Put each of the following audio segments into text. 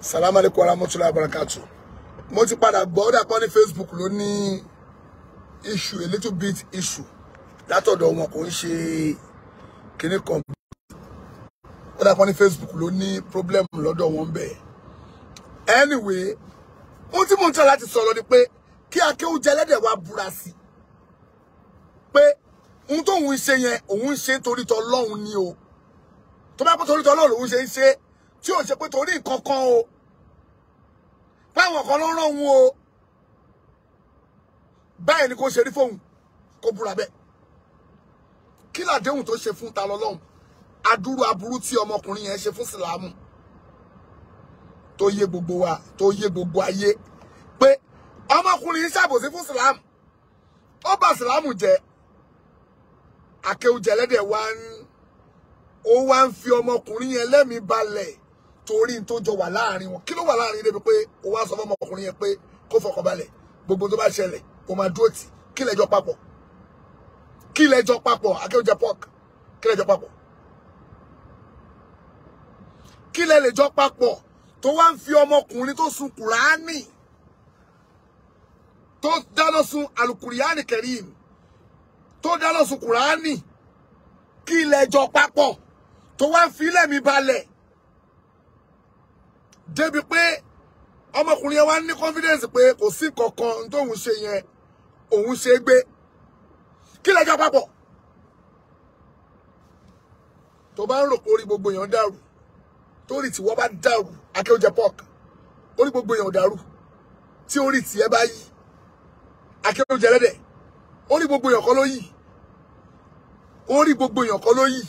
Salam alaikum, warahmatullahi wabarakatuh mo ti padà gbọ́ ó dàpọ̀ ní facebook ló ní issue a little bit issue látọ̀dọ̀ wọn kò ń ṣe kinní kan ó dàpọ̀ ní facebook ló ní problem lọ́dọ̀ wọn be. anyway ohun tí mo ń tọ́ láti sọ̀rọ̀ ni pé kí akéwújẹ ẹlẹ́dẹ̀ wa búra sí pé ohun tóun ń ṣe yẹn òun ń to torí tọlọ́hun ni o to bá pọ̀ torí tọlọ́hun lòun ṣe ń ṣe tí ò ṣe pé torí nǹkan kan o báwọn kan ló rán òun o báyìí ni kò ṣe rí fóun kò búra bẹ́ẹ̀ kí làdéhùn tó ṣe fún ta lọ́lọ́run adúrú aburú tí ọmọkùnrin yẹn ṣe fún sìlámù tó yé gbogbo wa tó yé gbogbo ayé pé ọmọkùnrin ṣàbòsí fún sìlámù ó bà sìlámù jẹ́ akéwùjẹlẹ́dẹ̀ wá ń ó wá ń fi ọmọkùnrin yẹn lẹ́mìí balẹ̀ torí n tó jọ wà láàrin wọn kí ló wà láàrin débi pé o wá sọ fọmọ ọkùnrin yẹn pé kó fọkàn balẹ̀ gbogbo tó bá ṣẹlẹ̀ o máa dúró tì kí lẹjọ papọ̀ kí lẹjọ papọ̀ akéwòjẹ pọk kí lẹjọ papọ̀ kí lẹ lè tó wá ń fi ọmọkùnrin tó sun kùránì tó dáná sun alukùránì kẹrìm tó dáná sun kùránì kí lẹjọ papọ̀ tó wá ń fi lẹ́mi balẹ̀ débi pé ọmọkùnrin yẹn wá ní confidence pé kò sí kankan tóun ṣe yẹn òun ṣe gbé kí lẹjọ papọ̀ tó bá ń rò pé orí gbogbo èèyàn dàrú torí tìwọ́ bá dàrú akéwòjẹ pọ́k orí gbogbo èèyàn dàrú tí orí tìẹ bá yí akéwòjẹ lẹ́dẹ̀ orí gbogbo èèyàn kọ́ ló yí orí gbogbo èèyàn kọ́ ló yí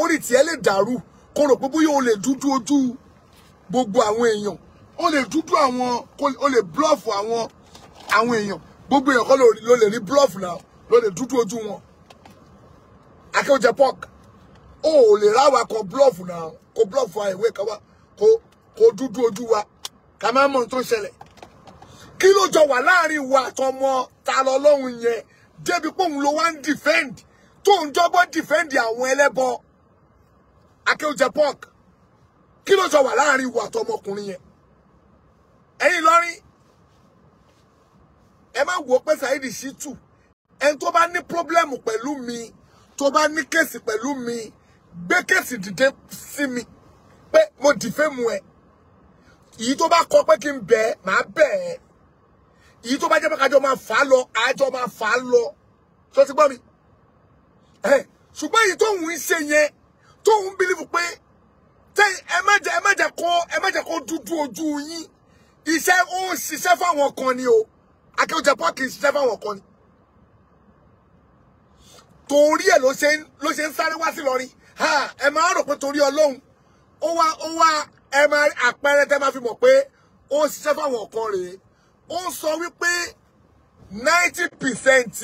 orí tìẹ lè dàrú kó rò pé bóyá o lè dúdú ojú gbogbo àwọn èèyàn ó lè dúdú àwọn ó lè blọ́ọ̀fù àwọn àwọn èèyàn gbogbo èèyàn kọ́ ló lè rí blọ́ọ̀fù náà ló lè dúdú ojú wọn akéwòjẹ pọ́k ó lè ráwa kọ blọ́ọ̀fù náà kó blọ́ọ̀fù àìwé kan wá kó kó dúdú ojú wa ká má mọ̀ tó ń ṣẹlẹ̀ kí ló jọ wà láàrin wa àtọmọ ta lọ lọ́hùn yẹn débi pé òun ló wá ń dìfẹ́ǹdì tó jọ́gbọ́n dìfẹ́ǹdì àwọn ẹlẹ́bọ akéwòjẹ pọ́k kí ló sọ wà láàrin ìwà àtọmọkùnrin yẹn ẹ̀yin lọrin ẹ má wò ó pé Saheed Shittu ẹni tó bá ní pírọ́blẹ́mù pẹ̀lú mi tó bá ní kéèsì pẹ̀lú mi gbé kéèsì dìde sí mi pé mo dìfẹ́ mu ẹ èyí tó bá kọ pé kí n bẹ̀ ẹ́ màá bẹ̀ ẹ́ èyí tó bá jẹ́ pé kájọ máa fà á lọ àjọ máa fà á lọ tó ti gbọ́ mi ṣùgbọ́n èyí tóun ń ṣe yẹn tóun bílífù pé tẹ ẹ má jẹ ẹ má jẹ kó ẹ má jẹ kó dúdú ojú yín iṣẹ́ ó ń ṣiṣẹ́ fáwọn kan ni o akéwòjẹ pọọkì ń ṣiṣẹ́ fáwọn kan ni torí ẹ̀ ló ṣe ló ṣe ń sáré wá sí ha ẹ máa rò pé torí Ọlọ́run ó wá ó wá ẹ máa àpẹẹrẹ tẹ máa fi mọ̀ pé ó ń ṣiṣẹ́ fáwọn kan rèé ó ń sọ wípé ninety percent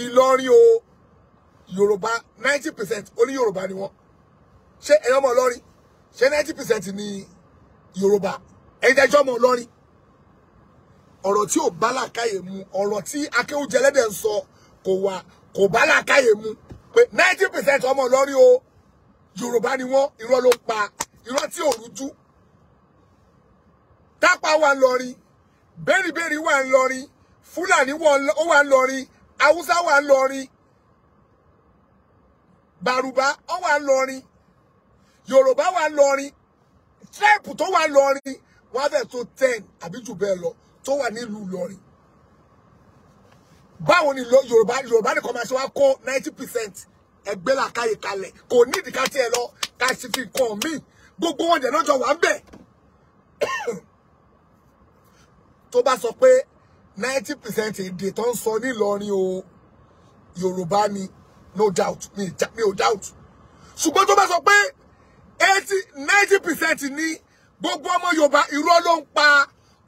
Ìlọrin o Yorùbá ninety percent ó ní Yorùbá ni wọ́n ṣé ẹ̀yin ọmọ Ìlọrin ṣé ninety percent ni Yoruba. ẹ̀yin tẹ́jọ́ ọmọ Ìlọrin ọ̀rọ̀ tí ò bá làákàyè mu ọ̀rọ̀ tí akéwùjẹ lẹ́dẹ̀ ń sọ kò wà kò bá làákàyè mu pé ninety percent ọmọ Ìlọrin o Yorùbá ni wọ́n irọ́ ló pa irọ́ tí ò rújú tápà wà lọ́rin bẹ́rìbẹ́rì wà lọ́rin fúlàní wà lọ́rin haúsá wà lọ́rin bàrùbá ọ wà lọ́rin yorùbá wà lọrin tribe tó wà lọrin wọn á fẹ́ tó ten àbí jù bẹ́ẹ̀ lọ tó wà nílùú lọrin báwo ni yorùbá yorùbá nìkan máa ṣe wá kó ninety percent ẹgbẹ́ làkàyè kalẹ̀ kò ní ìdíkà tí ẹ lọ ká sì fi kàn mí gbogbo wọn dẹ̀ lọ́jọ́ wà ń bẹ̀ tó bá sọ pé ninety percent èdè tó ń sọ nílọrin o yorùbá ni no doubt mi ò doubt ṣùgbọ́n tó bá sọ pé 80, ninety percent ní gbogbo ọmọ yorùbá irọ́ ló ń pa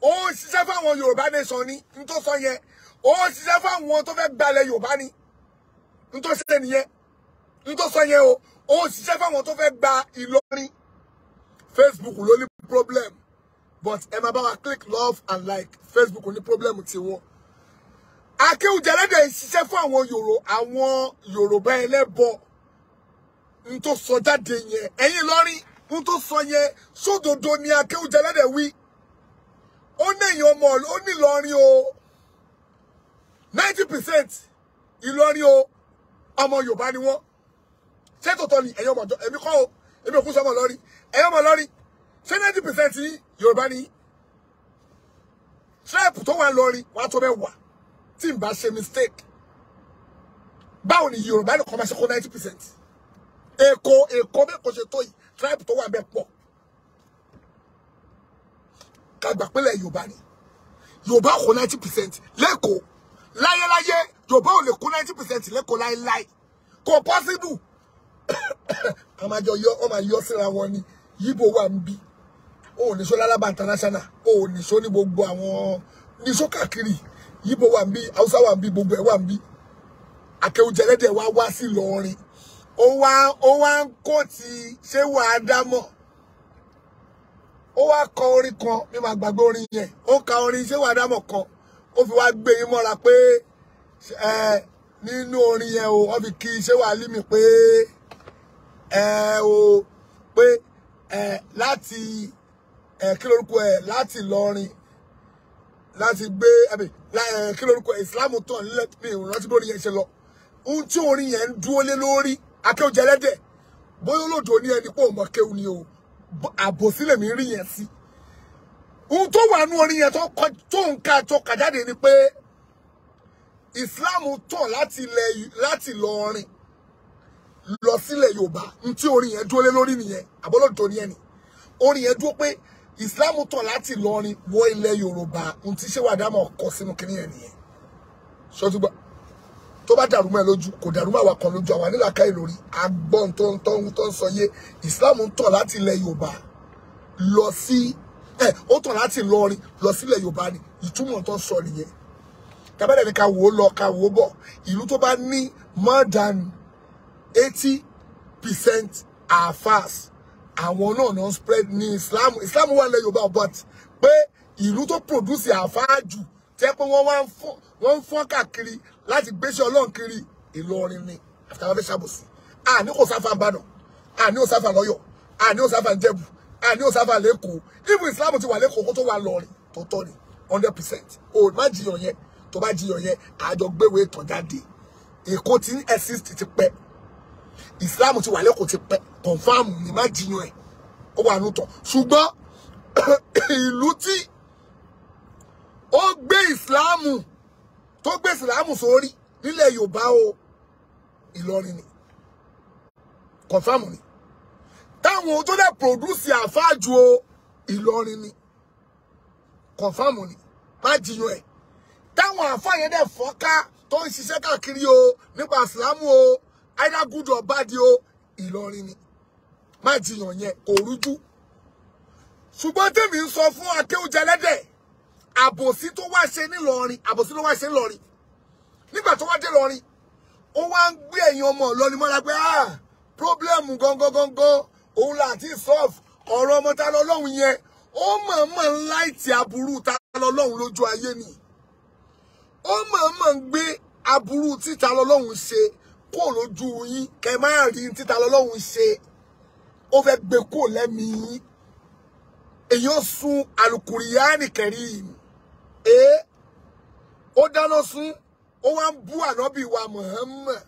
ó ń ṣiṣẹ́ fáwọn yorùbá nation ni n tó sọ yẹn ó ń ṣiṣẹ́ fáwọn tó fẹ́ gbalẹ̀ yorùbá ni n tó ṣe nìyẹn n tó sọ yẹn o ó ń ṣiṣẹ́ fáwọn tó fẹ́ gba ìlọrin facebook ló ní problem but ẹ máa bá wa click love and like facebook ní problem tiwọn akéwùjẹ́lẹ́dẹ̀ ń ṣiṣẹ́ fún àwọn yorùbá ẹlẹ́bọ n sọ jáde yẹn ẹ̀yin lọ́rin n sọ yẹn sódodo ni akéwùjẹ lẹ́dẹ̀ wí ó nẹ̀yìn ọmọ ó ní Ìlọrin o ninety percent Ìlọrin o ọmọ Yorùbá ni wọ́n ṣé tòótọ́ ni ẹ̀yin ọmọ ọ̀dọ́ èmi o èmi ò sọmọ lọ́rin ẹ̀yin ọmọ lọ́rin ṣé ninety percent Yorùbá ni tíráìpù tó wà lọ́rin wàá tó bẹ́ẹ̀ wà tí n bá ṣe mistake báwo ni Yorùbá lè kọ́ máa ṣe kó ninety percent. Eko Èkó bẹ́ẹ̀ kò ṣe tó yìí tribe tó wà bẹ́ẹ̀ pọ̀ kagbà pẹ́lẹ̀ Yorùbá ni Yorùbá kó ninety percent lẹ́kọ̀ọ́ laye Yorùbá ò lè kó ninety percent lẹ́kọ̀ọ́ láéláé kò possible a máa jọ yọ ọ máa yọ síra wọn ni yíbo wà ń bí o ò ní sọ lálábà international o ò ní sọ ní gbogbo àwọn ní sọ káàkiri yíbo wà ń bí Haúsá wà gbogbo ẹ wà ń bí akéwùjẹlẹdẹ wa wá sí Ìlọrin ó wá ó wá ń kó ti ṣéwù ádámọ̀ ó wá kọ orin kan mi máa gbàgbé orin yẹn ó ka orin ṣéwù ádámọ̀ kan ó fi wá gbé yín mọ́ra pé ẹ nínú orin yẹn o wọ́n fi kí ṣéwù alímì pé ẹ o pé ẹ láti ẹ kí lórúkọ ẹ láti Ìlọrin láti gbé ẹbí kí lórúkọ ìsìlámù tán nílẹ̀ mi ìrántí bóri yẹn ṣe lọ ohun tí orin yẹn ń dúró lé lórí akéwù jẹlẹ́dẹ̀ bóyá olódò ní ẹni pé òmò kéwù ni o àbòsí lèmi rí yẹn sí ohun tó wà nú orin yẹn tó ń ka tó kà jáde ni pé Islam tọ̀ láti Ìlọrin lọ sílẹ̀ Yorùbá n tí orin yẹn dúró lé lórí nìyẹn àbọ́lódò ní ẹni orin yẹn dúró pé Islam tọ̀ láti Ìlọrin wọ ilẹ̀ Yorùbá n tí ṣé wàá dámọ̀ kọ sínú kínní yẹn nìyẹn ṣọtúgbà tó bá dàrú mọ́ ẹ lójú kò dàrú mọ́ àwa kan lójú àwa nílà káyì lórí agbọ́n tó ń tọ́ ń tọ́ ń sọ yé Islam ń tọ̀ láti ilẹ̀ Yorùbá lọ sí ẹ ó tọ̀ láti lọrin lọ sílẹ̀ Yorùbá ni ìtumọ̀ tó ń sọ nìyẹn tabẹ́rẹ́ ni ká wò ó lọ ká wò ó bọ̀ ìlú tó bá ní more than eighty percent àfàs àwọn náà náà spread ní Islam Islam wà lẹ̀ Yorùbá but pé ìlú tó produce àfáàjù jẹ́ pé wọ́n wá ń fọ́n káàkiri láti gbéṣẹ́ ọlọ́run kiri ìlọrin ni àfitàwọn ṣàbòsí àní kò sáfà ìbàdàn àní ò sáfà lọ́yọ̀ àní ò sáfà ìjẹ̀bù àní ò sáfà lẹ́kọ̀ọ́ ibu islam ti wà lẹ́kọ̀ọ́ kó tó wà lọ́rin tó tọ́ ni hundred percent o má jiyàn yẹn tó bá jiyàn yẹn àjọ gbéwèé tàn jáde èkó ti ń exist ti pẹ́ islam ti wà lẹ́kọ̀ọ́ ti pẹ́ confam ni má jiyàn ẹ̀ ó wà nù tán ṣùgbọ́n ìlú tí ó gbé ìsìláàmù tó gbé ìsìlámù sórí nílẹ̀ yorùbá o ìlọrin ni confam ni táwọn tó dẹ̀ pòdúsì àfáàjù o ìlọrin ni confam ni má jiyàn ẹ̀ táwọn àfáàyẹn dẹ̀ fọ́ká tó ń ṣiṣẹ́ káàkiri o nípa ìsìlámù o either good or bad o ìlọrin ni má jiyàn yẹn kò rújú ṣùgbọ́n tèmi ń sọ fún akéwùjẹlẹ́dẹ̀ẹ́ àbòsí tó wá ṣe nílọrin àbòsí ló wá ṣe nílọrin nígbà tó wá dé lọrin ó wá ń gbé ẹ̀yìn ọmọ lọ́ni mọ́ra pé ah Problem gangan gangan òun là ti solve ọ̀rọ̀ ọmọ ta lọ lọ́hùn yẹn ó mọ̀ọ́mọ̀ ń láìtì aburú ta lọ lọ́hùn lójú ayé ni ó mọ̀ọ́mọ̀ ń gbé aburú títa lọ lọ́hùn ṣe kó lójú yín kẹ má rí títa lọ lọ́hùn ṣe ó fẹ́ gbé kó lẹ́mìí èyí ó sun alukuriyaani kẹrin eh, o no sun, o n bu anobi wa muhamma.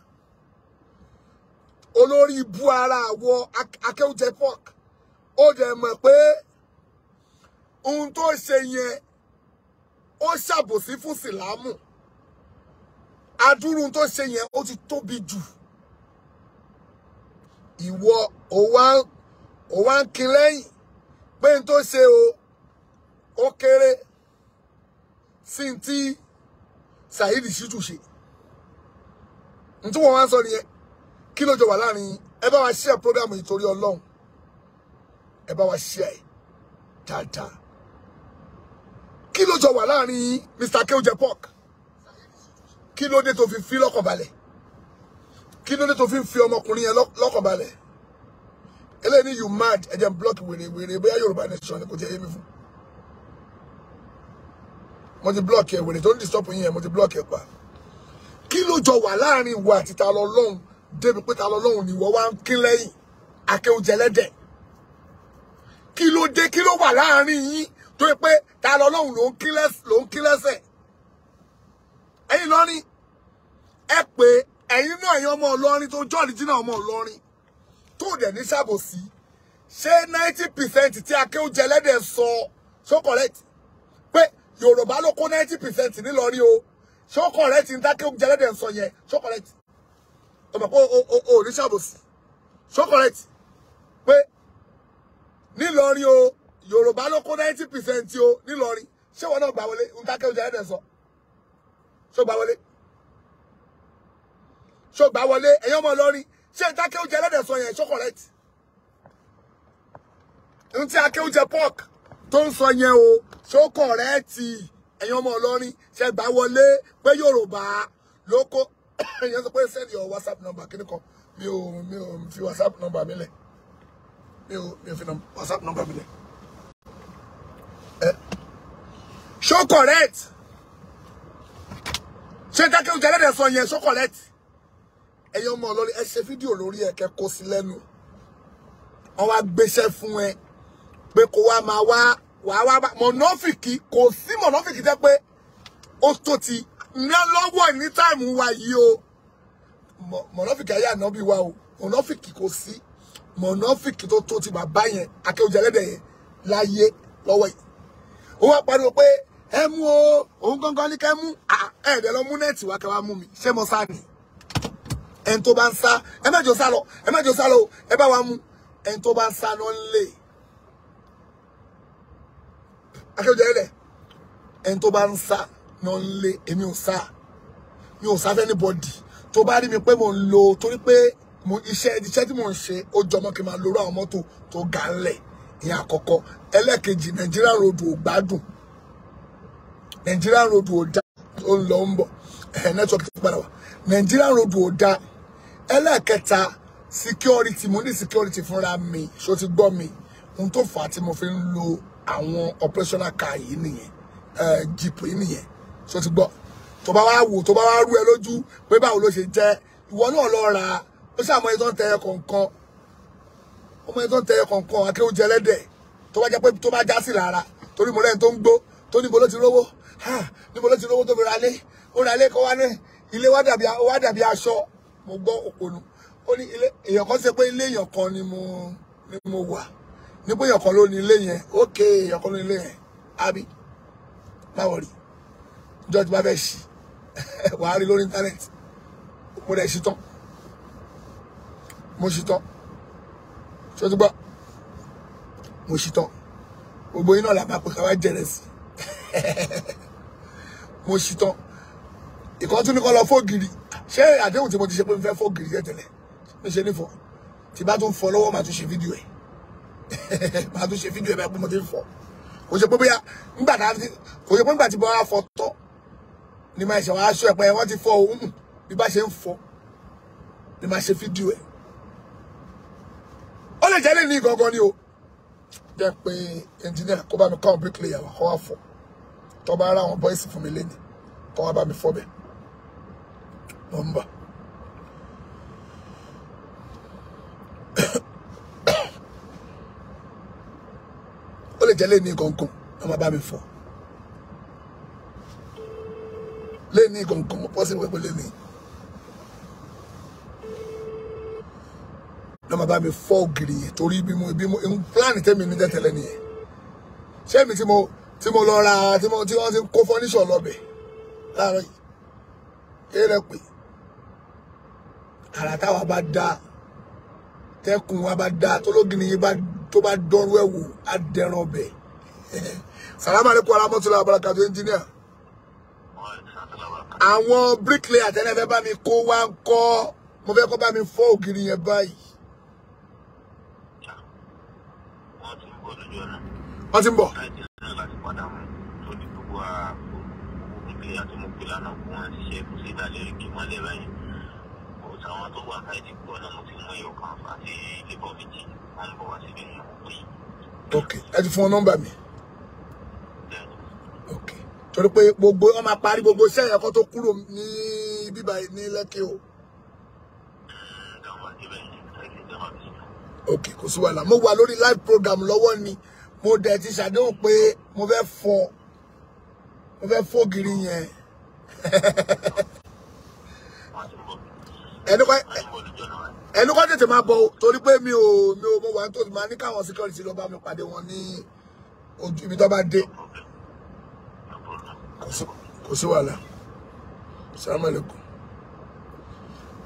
Olori bu ara wo ake u jepok. O de pe, ohun to se nye, o sabo si fu silamu. Adurun to se nye, o ti tobi ju. Iwo, o wan, o wan kilen, pe to se o, o o kere, sí ti Saheed Shittu ṣe nítorí wọn wá ń sọ nìyẹn kí ló jọ wà láàrin wa share program yìí torí Ọlọ́run ẹ bá wa share dáadáa kí ló jọ wà Mr. Kewje Pok. Kilo de to tó fi fi lọ́kàn balẹ̀ kí ló dé fi fi ọmọkùnrin yẹn lọ́kàn balẹ̀ eléyìí you mad ẹ jẹ́ block wèrè wèrè bóyá Yoruba nation ni kò jẹ́ yé mo ti blọ́ọ̀kì ẹ̀ wèrè tó ń disturb yín yẹn mo ti blọ́ọ̀kì ẹ̀ pa kí ló jọ wà láàrin ìwọ àti ta lọ lọ́hùn débi pé ta lọ lọ́hùn ni ìwọ wá ń kín lẹ́yìn akéwòjẹlẹ́dẹ̀ kí ló dé kí ló wà láàrin yín tó yẹ pé ta lọ lọ́hùn ló ń kín lẹ́sẹ̀ ẹ̀yin lọ́rin ẹ pé ẹ̀yin náà ẹ̀yin ọmọ ọlọ́rin tó jọ́ọ̀lì jìnnà ọmọ ọlọ́rin tó dẹ̀ ní ṣàbòsí ṣé ninety percent tí akéwòjẹlẹ́dẹ̀ sọ so correct yorùbá ló kó ninety percent nílọrin o ṣọ́kọ̀ rẹ ti ń dákẹ́ oúnjẹ lẹ́dẹ̀ ń sọ yẹn ṣọ́kọ̀ rẹ ti ọmọ pé o ò ní ṣàbòsí ṣọ́kọ̀ rẹ ti pé nílọrin o yorùbá ló kó ninety o nílọrin ṣé wọn náà gbà wọlé ń dákẹ́ oúnjẹ lẹ́dẹ̀ ń sọ ṣó gbà wọlé ṣó gbà wọlé ẹ̀yin ọmọ ìlọrin ṣé ń dákẹ́ oúnjẹ lẹ́dẹ̀ sọ yẹn ṣọ́kọ̀ rẹ ti ń tí akéwújẹ pork tó ń sọ yẹn o ṣó kọ̀rẹ́ẹ̀tì ẹ̀yin ọmọ ọlọ́rin ṣe gbà wọlé pé yorùbá ló kó ẹ̀yin sọ pé send your whatsapp number kíní kan mi ò mi ò fi whatsapp number mi lẹ̀ mi ò mi ò fi whatsapp number mi lẹ̀ eh. ṣó kọ̀rẹ́ẹ̀tì ṣé dákẹ́ oúnjẹ lẹ́dẹ̀ẹ́ sọ yẹn ṣó kọ̀rẹ́ẹ̀tì ẹ̀yin ọmọ ọlọ́rin ẹ ṣe fídíò lórí ẹ̀ kẹ́ kó sí lẹ́nu wọ́n wá gbéṣẹ́ fún ẹ pé kó wá máa wá wàá wá mọ̀nàfìkì kò sí mọ̀nàfìkì jẹ́ pé ó tó ti ní lọ́wọ́ ní táìmù wa yìí o mọ̀nàfìkì ayé ànábì wa o mọ̀nàfìkì kò sí mọ̀nàfìkì tó tó ti bàbá yẹn akéwòjẹ ẹlẹ́dẹ̀ yẹn láyé lọ́wọ́ yìí ó wá pariwo pé ẹ mú o òun gangan ní kẹ́ mú ẹ̀ẹ́dẹ̀ lọ mú nẹ́ẹ̀tì wá kẹ́ wá mú mi ṣé mo sá ni ẹni tó bá ń sá ẹ mẹ́jọ sá lọ ẹ mẹ́jọ sá lọ ẹ bá wa mú ẹni tó bá ń sá lọ ń lè Akérèdọ́lù lẹ̀ ẹni tó bá ń sá náà ń lé èmi ò sá mi ò sá fẹ́ni bọ́dì tó bá rí mi pé mo ń lo torí pé iṣẹ́ iṣẹ́ tí mo ń ṣe ó jọmọ́ kí n máa lóró àwọn mọ́tò tó ga ńlẹ̀ ìyẹn àkọ́kọ́ ẹlẹ́ẹ̀kejì Nàìjíríà road ò gbádùn Nàìjíríà road ò dá ó ń lọ ń bọ̀ network ti padà wá Nàìjíríà road ò dá ẹlẹ́ẹ̀kẹta security mo ní security fúnra mi ṣó ti gbọ́ mi ohun tó fà á tí mo fi ń lo àwọn operational car yìí nìyẹn eh, jeep yìí nìyẹn so ti gbọ́ tó bá wá wò tó bá wá rú ẹ lójú pé báwo ló ṣe jẹ́ ìwọ náà lọ ra ó ṣàmọ́ ẹ tó ń tẹyẹ kọ̀ọ̀kan ọmọ ẹ tó ń tẹyẹ kọ̀ọ̀kan akéwòjẹ ẹlẹ́dẹ̀ tó bá jẹ́ pé tó bá já sí lára torí mo lẹ́yìn tó ń gbó tó níbo ló ti rówó níbo ló ti rówó tó fi ra lé ó ra lé kó wá ní ilé wá dàbí aṣọ mo gbọ́ òpònú ó ní ilé èèyàn kan ṣe pé ilé èèyàn kan ni mo wà ní pé ọ̀kan ló ní ilé yẹn ókè ọ̀kan ló ní ilé yẹn àbí báwo rí jọ́ọ̀tì bá fẹ́ ṣí wàá rí lórí íńtánẹ́ẹ̀tì mo rẹ̀ ṣí tán mo ṣí tán ṣé o ti gbọ́ mo ṣí tán gbogbo yín náà làbá pé ká wá jẹrẹ sí mo ṣí tán ìkan ní kọ́ lọ fóògìrì ṣé àdéhùn tí mo ti ṣe pé mo fẹ́ fóògìrì tẹ̀tẹ̀lẹ̀ mo ṣe nífọ̀ọ́ tí bá tún fọ́ lọ́wọ́ màá tún ṣe fídíò ẹ̀. màá tún ṣe fídíò ẹ̀ bá gbọ́mọdé fọ́ kò ṣe pé bóyá ńgbà náà kò ṣe pé ńgbà tí bọ́ wá fọ tọ́ ni máa ṣe wá aṣọ ẹ̀ pé wọ́n ti fọ òun bí bá ṣe ń ni máa ṣe fídíò ẹ̀ ó lè jẹ́ lè ní gangan ni o jẹ́ pé ẹnjìníà kó bá mi káwọn bricklayer wà kó wá fọ tó bá ara àwọn bọ́ìsì mi lẹ́nu kó wá bá mi fọ bẹ́ẹ̀ nọ́mbà. lè jẹ́ lẹ́ni kankan wọ́n máa bá mi fọ́ lẹ́ni kankan pọ́sí pẹ́pẹ́ lẹ́ni wọ́n máa bá mi fọ́ ògiri yẹn torí bí mo bí mo plan tẹ́mi ní tẹ́tẹ́lẹ́ nìyẹn ṣé mi tí mo tí mo lọ ra tí mo tí wọ́n ti kó fọ́níṣọ̀ lọ́bẹ̀ láàárọ̀ yìí eré pé àrà táwa bá dá tẹkùn wa bá dá tólógìnì yìí bá tó bá dánrú ẹ̀ wò á dẹran ọbẹ̀ salamu alaikum warahmatullahi wabarakatuh engineer àwọn bricklayer tẹ́lẹ̀ fẹ́ bá mi kó wá ń kọ́ mo fẹ́ kó bá mi fọ́ ògiri yẹn báyìí. wọ́n ti ń bọ̀. Thank you àwọn tó wà ká ìdìbò pé. ok ẹ ti fún ọ nọ́mbà mi. ok torí pé gbogbo wọn máa parí gbogbo iṣẹ́ ẹ̀kọ́ tó kúrò ní bíbá ní lẹ́kẹ́ o. Hmm, ok kò sí wàhálà mo wà lórí live program lọ́wọ́ ni mo dẹ̀ ti ṣàdéhùn pé mo fẹ́ fọ́ mo fẹ́ fọ́ gírí yẹn. ẹnu kọ́ tètè máa bọ̀ torí pé mi ò mi ò mo wà ní tòsí máa ní káwọn security lọ mi pàdé wọn ní ojú ibi tó bá dé kò sí wàhálà salamu alaykum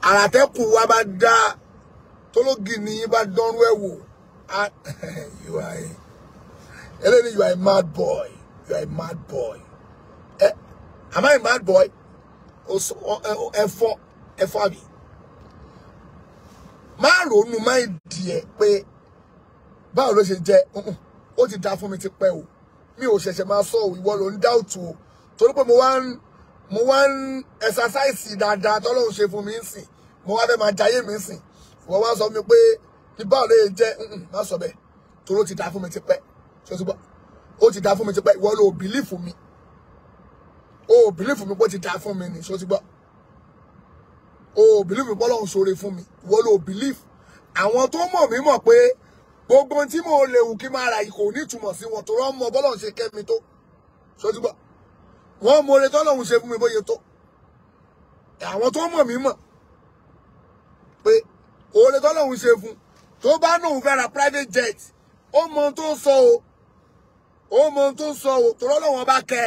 àràtẹ́kùn wa bá dá tólógì ní bá dánrú ẹ̀ wò you are a eléyìí you are a mad boy you are a mad boy eh, am I a mad boy ẹ̀fọ́ ẹ̀fọ́ àbí má ronú má ìdí ẹ pé báwo ló ṣe jẹ ó ti dá fún mi ti pẹ́ o mi ò ṣẹ̀ṣẹ̀ máa sọ ìwọ ló ń dáùtù o torí pé mo wá ń mo wá ń ẹsasáìsì dáadáa tọ́lọ́run ṣe fún mi ń sìn mo wá fẹ́ máa jayé mi ń sìn ìwọ wá sọ mi pé bí báwo ló ṣe jẹ má sọ bẹ́ẹ̀ torí ó ti dá fún mi ti pẹ́ ṣé o ti gbọ́ ó ti dá fún mi ti pẹ́ ìwọ ló bìlífù mi believe bìlífù mi pé ó ti dá fún mi ni ṣé ti gbọ́ o ò bìlífù pọ́lọ́hún ṣoore fún mi ìwọ ló bìlífù àwọn tó mọ̀ mí mọ̀ pé gbogbo tí mo lè wù kí máa ra yìí kò ní ìtumọ̀ sí wọn tó rán mọ bọ́lọ́hún ṣe kẹ́mi tó sọtúbọ̀ wọ́n mọ oore tọ́lọ́hún ṣe fún mi bóyá tó àwọn tó mọ̀ mí mọ̀ pé oore tọ́lọ́hún ṣe fún tó bá nóun fẹ́ ra private jet ó mọ ohun tó sọ o ó mọ ohun tó sọ o tó rọ́lọ́wọ́n bá kẹ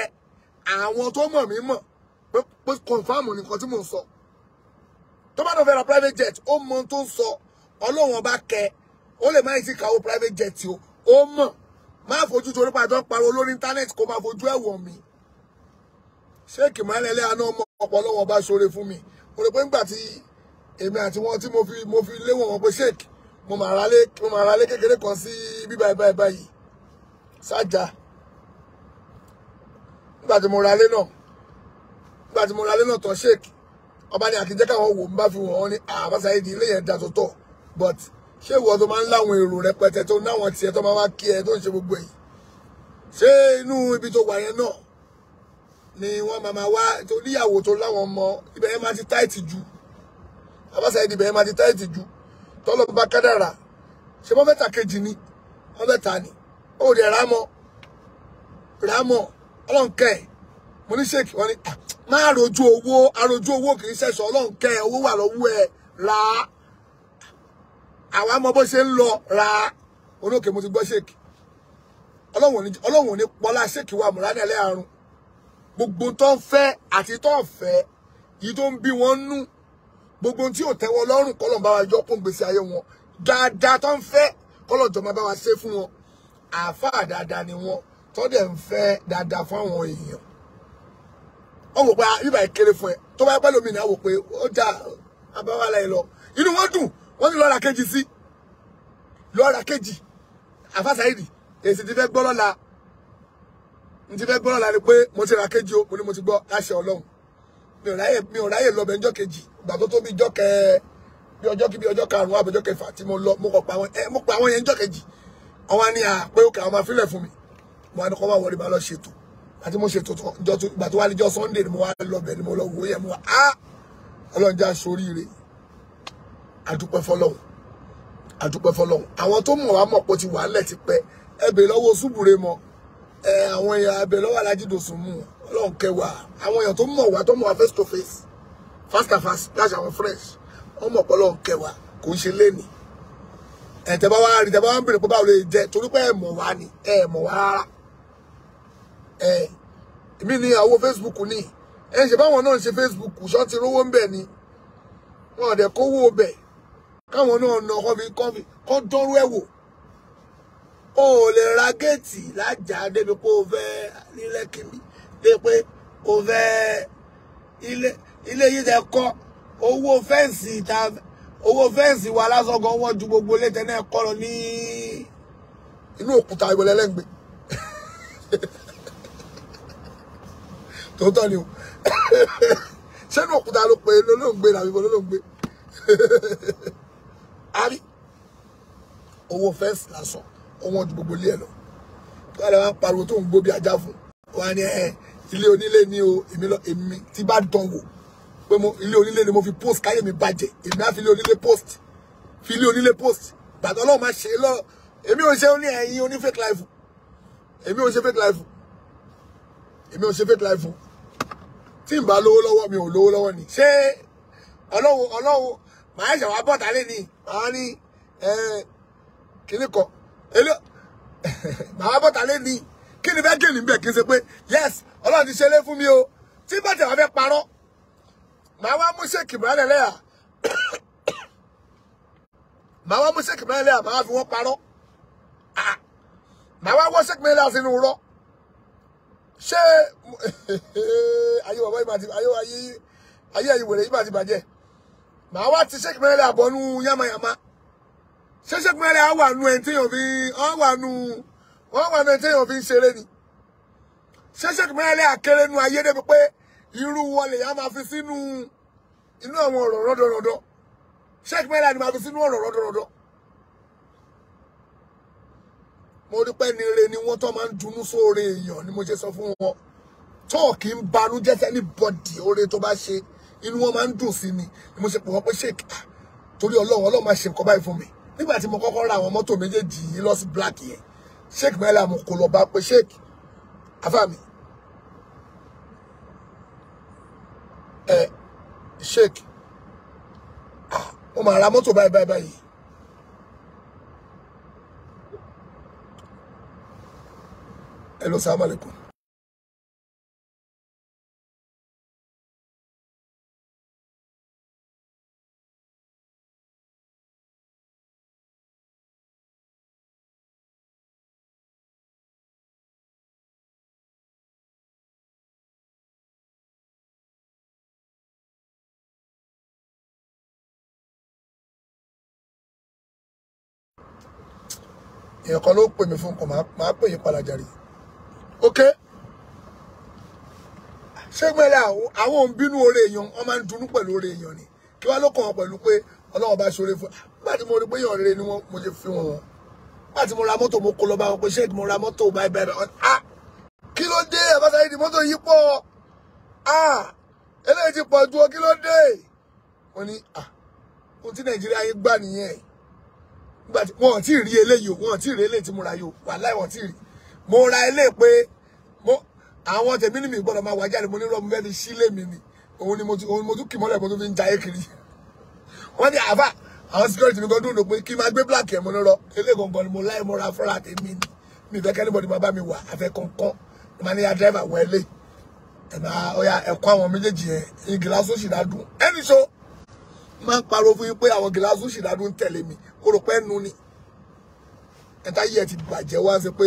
àwọn tó mọ̀ mí mọ̀ pé confam nìkan tí mò ń sọ. So tó bá lọ fẹ́ ra private jet ó mọ tó ń sọ ọlọ́run ọba kẹ ó lè má yìí sí kàwó private jet o ó mọ̀ má fojú torí pàjọ ń pariwo lórí íńtánẹ́ẹ̀tì kó máa fojú ẹ̀wọ̀n mi ṣé kìmọ̀lẹ́lẹ́ àná ọmọ ọ̀pọ̀ ọlọ́run ọba ṣoore fún mi mo rò pé nígbà tí èmi àti wọn tí mo fi mo fi lé wọn pé sheik mo mà ra lé mo mà ra lé kékeré kan sí bí báyìí báyìí báyìí sájà nígbà tí mo ra lé náà nígbà tí mo ra lé náà tán sheik ọba ní àkíjẹ́ káwọn wò ń bá fi wọ́n ní àbáṣáyé ah, di ilé yẹn da tó but ṣé ìwọ tó máa ń láwọn èrò rẹpẹtẹ tó náwọn tiẹ̀ tó máa wá kí ẹ tó ń ṣe gbogbo èyí ṣé inú ibi tó wà yẹn náà ni wọ́n máa máa wá tó níyàwó tó láwọn ọmọ ibẹ̀ yẹn máa ti táìtì ju àbáṣáyé di ibẹ̀ yẹn máa ti táìtì ju tọ́lọ́ bá kádàrà ṣé wọ́n fẹ́ ta kejì ni wọ́n fẹ́ ta ni ó dẹ̀ rámọ̀ rámọ̀ ọlọ́nkẹ́ mo ní ṣèkì wọ́n ní ah, má rojú owó arojú owó kì í ṣẹ̀ṣọ́ ọlọ́run kẹ́ owó wà lọ́wọ́ ẹ ra àwa mọ bó ṣe ń lọ ra orókè mo ti gbọ́ ṣèkì ọlọ́run ò ní pọ́lá ṣèkì wa mùránì ẹlẹ́àrún gbogbo tó ń fẹ́ àti tó ń fẹ́ yìí tó ń bí wọn nú gbogbo tí ò tẹ́wọ́ lọ́rùn kọ́lọ̀ bá wa yọ kún gbèsè ayé wọn dáadáa tó ń fẹ́ kọ́lọ̀ jọba bá wa ṣe fún wọn àáfàá dáadáa ni wọn tó dẹ̀ ń fẹ́ dáadáa fún àwọn èèyàn wọ́n wò pé ibà ah, kéré fún ẹ tó bá pẹ́ lómi ní àwò pé ó já abáwálá ẹ lọ inú wọn dùn wọ́n ní lọ́ra kejì sí lọ́ra kejì àfàsàìdì èsì ti fẹ́ gbọ́ lọ́la n ti fẹ́ gbọ́ lọ́la ni pé mo ti ra kejì o mo ní mo ti gbọ́ láṣẹ ọlọ́run mi ò ráyè mi ò ráyè lọ bẹ ńjọ́ kejì ìgbà tó tó bí ijọ́ kẹ bí ọjọ́ kí bí ọjọ́ karùn-ún àbọ̀jọ́ kẹfà tí mo lọ mo kọ̀ pa àwọn ẹ mo pa àwọn yẹn ńjọ́ kejì àwọn ni à ah, pé ó kà àwọn máa fílẹ̀ fún mi mo á ní kọ́ wá wọlé bá lọ ṣètò àti mo ṣètò ìgbà tó wá lé jọ́ Sunday ni mo wá lọ́bẹ̀ ni mo lọ wò yẹn mo wá á ọlọ́run já soríire àdúpẹ́ fọlọ́hún àdúpẹ́ fọlọ́hún àwọn tó mọ̀ wá mọ̀ pé ti wà á lẹ̀ ti pẹ́ ẹ bèèrè lọ́wọ́ Ṣúbùrè ẹ àwọn èèyàn abẹ lọ́wọ́ Alhaji Dosunmu ọlọ́run kẹwàá àwọn èèyàn tó mọ̀ wá tó mọ̀ wá face to face fast and fast láti àwọn fresh wọ́n mọ̀ pé ọlọ́run kẹwàá kò ń ṣe lẹ́nìí ẹ̀ tẹ́ bá wá rí tẹ́ bá wá ń bèrè pé báwo lè jẹ́ torí pé ẹ̀ mọ̀ wá ni ẹ̀ mọ̀ wá rárá Eh, mi ni awo Facebook ni En ṣe báwọn náà ń ṣe Facebook ṣọ́ ti rówó ń bẹ̀ ni wọn ko wo bẹ̀ káwọn náà nà kọ́ fi kọ́ fi kọ́ dọ́rú ẹ̀ wò o lè ra géètì lájà débi pé o fẹ́ nílẹ̀ kìíní débi pé o fẹ́ ilé ilé yìí tẹ kọ́ owó fẹ́ǹsì ta owó fẹ́ǹsì wa lásọ̀gàn wọ́n ju gbogbo ilé tẹ náà kọ́ lọ ní inú òkúta ìwẹ̀lẹ́lẹ́gbẹ̀ẹ́. tó tọ́ ni o sẹ́nu òkúta ló pe lólóǹgbé làbí bo lólóǹgbé ari owó fẹ́ǹsì lásán ọwọ́n ju gbogbo ilé ẹ̀ lọ kí wọ́n lè wá pariwo tó ń gbó bí ajá fún wọn ni ẹ ilé onílé ni o èmi lọ èmi tí bá dán wò pé mo ilé onílé ni mo fi post káyé mi bàjẹ́ èmi á fi ilé onílé post fi ilé onílé post gbàtọ́ ọlọ́run máa ṣe lọ èmi ò ṣe ní ẹ̀yin oní fake life èmi ò ṣe fake life èmi ò ṣe fake life o tí n bá lówó lọ́wọ́ mi ò lówó lọ́wọ́ ni ṣé ọlọ́wọ́ ọlọ́wọ́ màá ṣe wá bọ́ta lé ní màá ní kíní kọ màá bọ́ta lé ní kí fẹ́ kí ni bẹ̀ kí n ṣe pé yes ọlọ́run ti ṣe lé fún mi o tí bàtà wà fẹ́ parọ́ màá wá mú ṣèkì mọ́lẹ̀ lẹ́yà màá wá mú ṣèkì mọ́lẹ̀ lẹ́yà màá fi wọ́n parọ́ ah, màá wá wọ́ ṣèkì mọ́lẹ̀ lẹ́yà sínú rọ́ ṣé ayé bàbá yìí máa ti ayé ayé ayé ẹ̀yìn wèrè yìí máa ti bàjẹ́ màá wá ti ṣé kìmẹ́rẹ́ àbọ̀ nu yámayàmá ṣé ṣé kìmẹ́rẹ́ á wà nu ẹni téèyàn fi wọ́n wà nu wọ́n wà nu ẹni téèyàn fi ń ṣeré ni ṣé ṣé kìmẹ́rẹ́ àkéré nu ayé débi pé irú wọn lè yá máa fi sínú inú àwọn ọ̀rọ̀ rọ́dọ̀rọ̀dọ̀ ṣé kìmẹ́rẹ́ àni máa fi sínú ọ̀rọ̀ rọ́dọ̀rọ̀dọ̀ mo rí pé ni re ni wọ́n tó máa ń dunú sóore èèyàn ni mo ṣe sọ fún wọn tọ́ọ̀kì ń banú jẹ́ sẹ́ni bọ́dì oore tó bá ṣe inú wọn máa ń dùn sí ni ni mo ṣe pọ̀ wọ́n pé ṣèkì ah, torí ọlọ́run ọlọ́run máa ṣe nǹkan báyìí fún mi nígbà tí mo kọ́kọ́ ra àwọn mọ́tò méjèèjì yìí lọ sí black yẹn sheik mẹ́lá mo kò lọ bá pé sheik afáàmì ẹ eh, sheik ah máa ra mọ́tò báyìí báyìí báyìí hello salaam alaikum. èèyàn kan ló pè mí fún kò máa pè yín padà jàre ok Se àwọn la bínú oore èèyàn wọ́n máa ń dunú pẹ̀lú oore èèyàn ni kí wá ló kàn wọ́n pẹ̀lú pé ọlọ́wọ́n bá ṣoore fún mo rí pé èèyàn rere ni wọ́n mo ṣe fi wọn wọn nígbà mo ra mọ́tò mo kó ba bá wọn pé ṣé mo ra mọ́tò báyìí báyìí ah kí ló ba àbáṣáyé ni mọ́tò yìí pọ̀ ah eléyìí ti pọ̀ ju ọ kí ló dé wọ́n ní ah ohun tí nàìjíríà yín gbà nìyẹn nígbà tí wọ́n ti rí eléyìí wọ́n ti rí eléyìí tí mo ra yìí wàláì wọ́n ti rí mo ra ilé pé àwọn tèmi ní mi gbọ́dọ̀ máa wà jáde mo ní rọ́ọ̀mù bẹ́ẹ̀ ni sílé mi ni òun ni mo tún kì mọ́lẹ̀ mo tún fi ń jayé kiri wọ́n ní àbá àwọn security mi kan dùn pé kí n máa gbé black ẹ̀ mo ní rọ ilé gbọ̀ngàn ni mo láì mo ra fúnra tèmi ni mi ìfẹ́ kẹ́lẹ́bọ̀dì bàbá mi wà àfẹ́ kọ̀ọ̀kan ni màá ní ya driver wọ ilé ẹ̀nà ọ̀yà ẹ̀kọ́ àwọn méjèèjì yẹn ní gíláàsù ṣìdádùn ẹni so máa ń pariwo fún yín pé àwọn gíláàsù ṣìdádùn tẹ̀lé mi kó rò pé ẹnu ni ẹ̀ta yìí ẹ̀ ti bàjẹ́ wá ń pé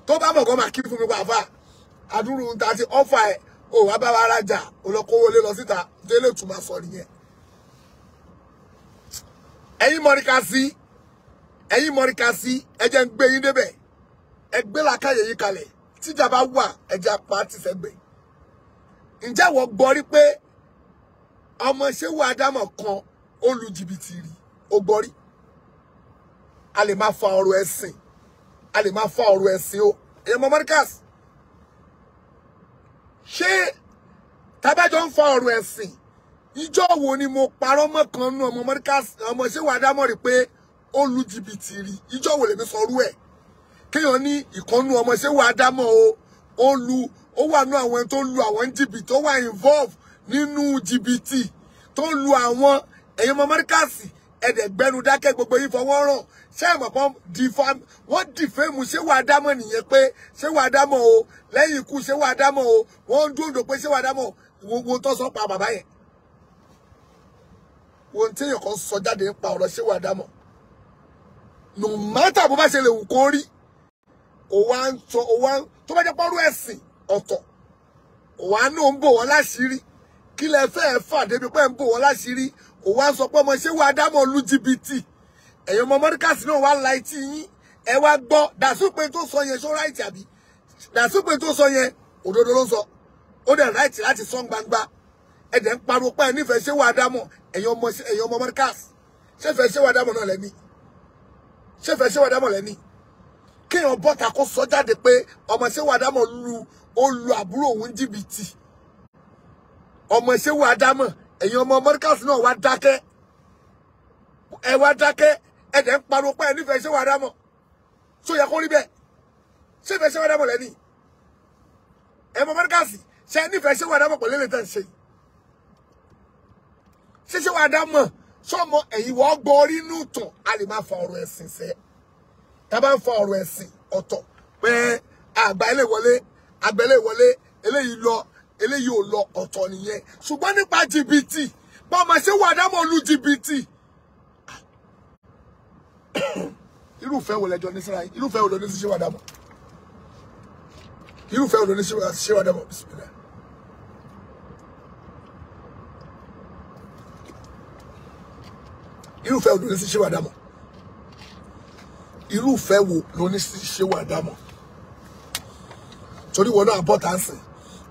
tó bá mọ̀ kọ́ máa kí fún mi pàfà àdúrú ń ta ti ọ́fà ẹ̀ ò wá bá wa rajà olókòwò lé lọ síta tó lè tún máa sọ nìyẹn. ẹ̀yin mọ̀ríkà sí ẹ̀yin mọ̀ríkà sí ẹ jẹ́ ń gbé yín débẹ̀ ẹ gbé làákàyè yín kalẹ̀ tíjà bá wà ẹ jẹ́ apá tìfẹ́gbẹ̀. ǹjẹ́ wọ́n gbọ́ rí pé ọmọ ṣéwù ádámọ̀ kan ó jìbìtì rí ó gbọ́ rí a lè máa fa ọ̀rọ̀ ẹ̀sìn a lè máa fa ọ̀rọ̀ ẹ̀sìn o èyí mọ Markaz ṣé tábàjọ ń fa ọ̀rọ̀ ẹ̀sìn ìjọ wo ni mo parọ́ mọ́ kan nú ọmọ Markaz ọmọ ṣé wàá dámọ̀ rí pé ó lu jìbìtì rí ìjọ wo lèmi sọrú ẹ̀ kéèyàn ní ìkànnú ọmọ ṣé wàá dámọ̀ o ó lu ó wà nú àwọn tó lu àwọn jìbìtì tó wà involve nínú jìbìtì tó lu àwọn ẹ̀yin ọmọ Markaz ẹ̀dẹ̀gbẹ́nu dákẹ́ gbogbo yìí fọwọ́ ràn ṣé ẹ mọ̀ pọ́n wọ́n dìfẹ́mù ṣé wàá dámọ̀ nìyẹn pé ṣé wàá dámọ̀ o lẹ́yìn ikú ṣé wàá dámọ̀ o wọ́n ń dúndò pé ṣé wàá dámọ̀ wo tó sọ pa bàbá yẹn wo ní téèyàn kan sọ jáde nípa ọ̀rọ̀ ṣé wàá dámọ̀ no matter bó bá ṣe lè wù kó rí òwa ń sọ òwa tó bá jẹ́ pọ́nrú ẹ̀sìn ọ̀tọ̀ òwa náà ń bò wọ́n láṣìírí kí lẹ fẹ́ẹ́ fà débi pé ń bò wọ́n láṣìírí òwa sọ pé ọmọ ṣé wàá dámọ̀ lu jìbìtì ẹ̀yin ọmọ no wa wá la etí yín ẹ wá gbọ́ dàsúpé tó sọ yẹn ṣó ráìtì àbí dàsúpé tó sọ yẹn òdodo ló sọ ó dẹ̀ ráìtì láti sọ gbangba ẹ dẹ̀ ń pariwo pa ẹ nífẹ̀ẹ́ se wà á dámọ̀ ẹ̀yin ọmọ ẹ̀yin ọmọ mọ́díkàsì ṣé fẹ́ ṣé wà á dámọ̀ náà lẹ́ni ṣé fẹ́ wa wà á dámọ̀ lẹ́ni kéèyàn bọ́ta kó sọ jáde pé ọmọ ṣé wà á dámọ̀ lu ó lu àbúrò òun jìbìtì ọmọ ṣé wà á dámọ̀ ẹ̀yin ọmọ mọ́díkàsì náà wá dákẹ́ ẹ wá ẹ̀dẹ̀ ń pariwo pé ẹ nífẹ̀ẹ́ Shehu Adamu tó yẹ kó rí bẹ́ẹ̀ ṣé ìfẹ́ Shehu Adamu lẹ́ni ẹ mọ mọ́díkàsì ṣe ẹ nífẹ̀ẹ́ Shehu Adamu pẹ̀lú èlé tẹ̀ ń ṣe ṣé Shehu Adamu sọmọ ẹ̀yìn wọ́n gbọ́ orí inú tàn a lè máa fa ọ̀rọ̀ ẹ̀sìn sẹ́ tá a bá ń fa ọ̀rọ̀ ẹ̀sìn ọ̀tọ̀ pé àgbà ilé àgbà ilé lu jìbìtì irúfẹ́ wo lẹjọ ní síra yín irúfẹ́ wo lọ ní sí ṣéwà dàbọ̀ irúfẹ́ wo lọ ní ṣéwà dàbọ̀ bisimilá. irúfẹ́ wo lọ ní sí ṣéwà dàbọ̀ irúfẹ́ wo lọ ní sí ṣéwà dàbọ̀ torí wọn náà bọ́ tá a sìn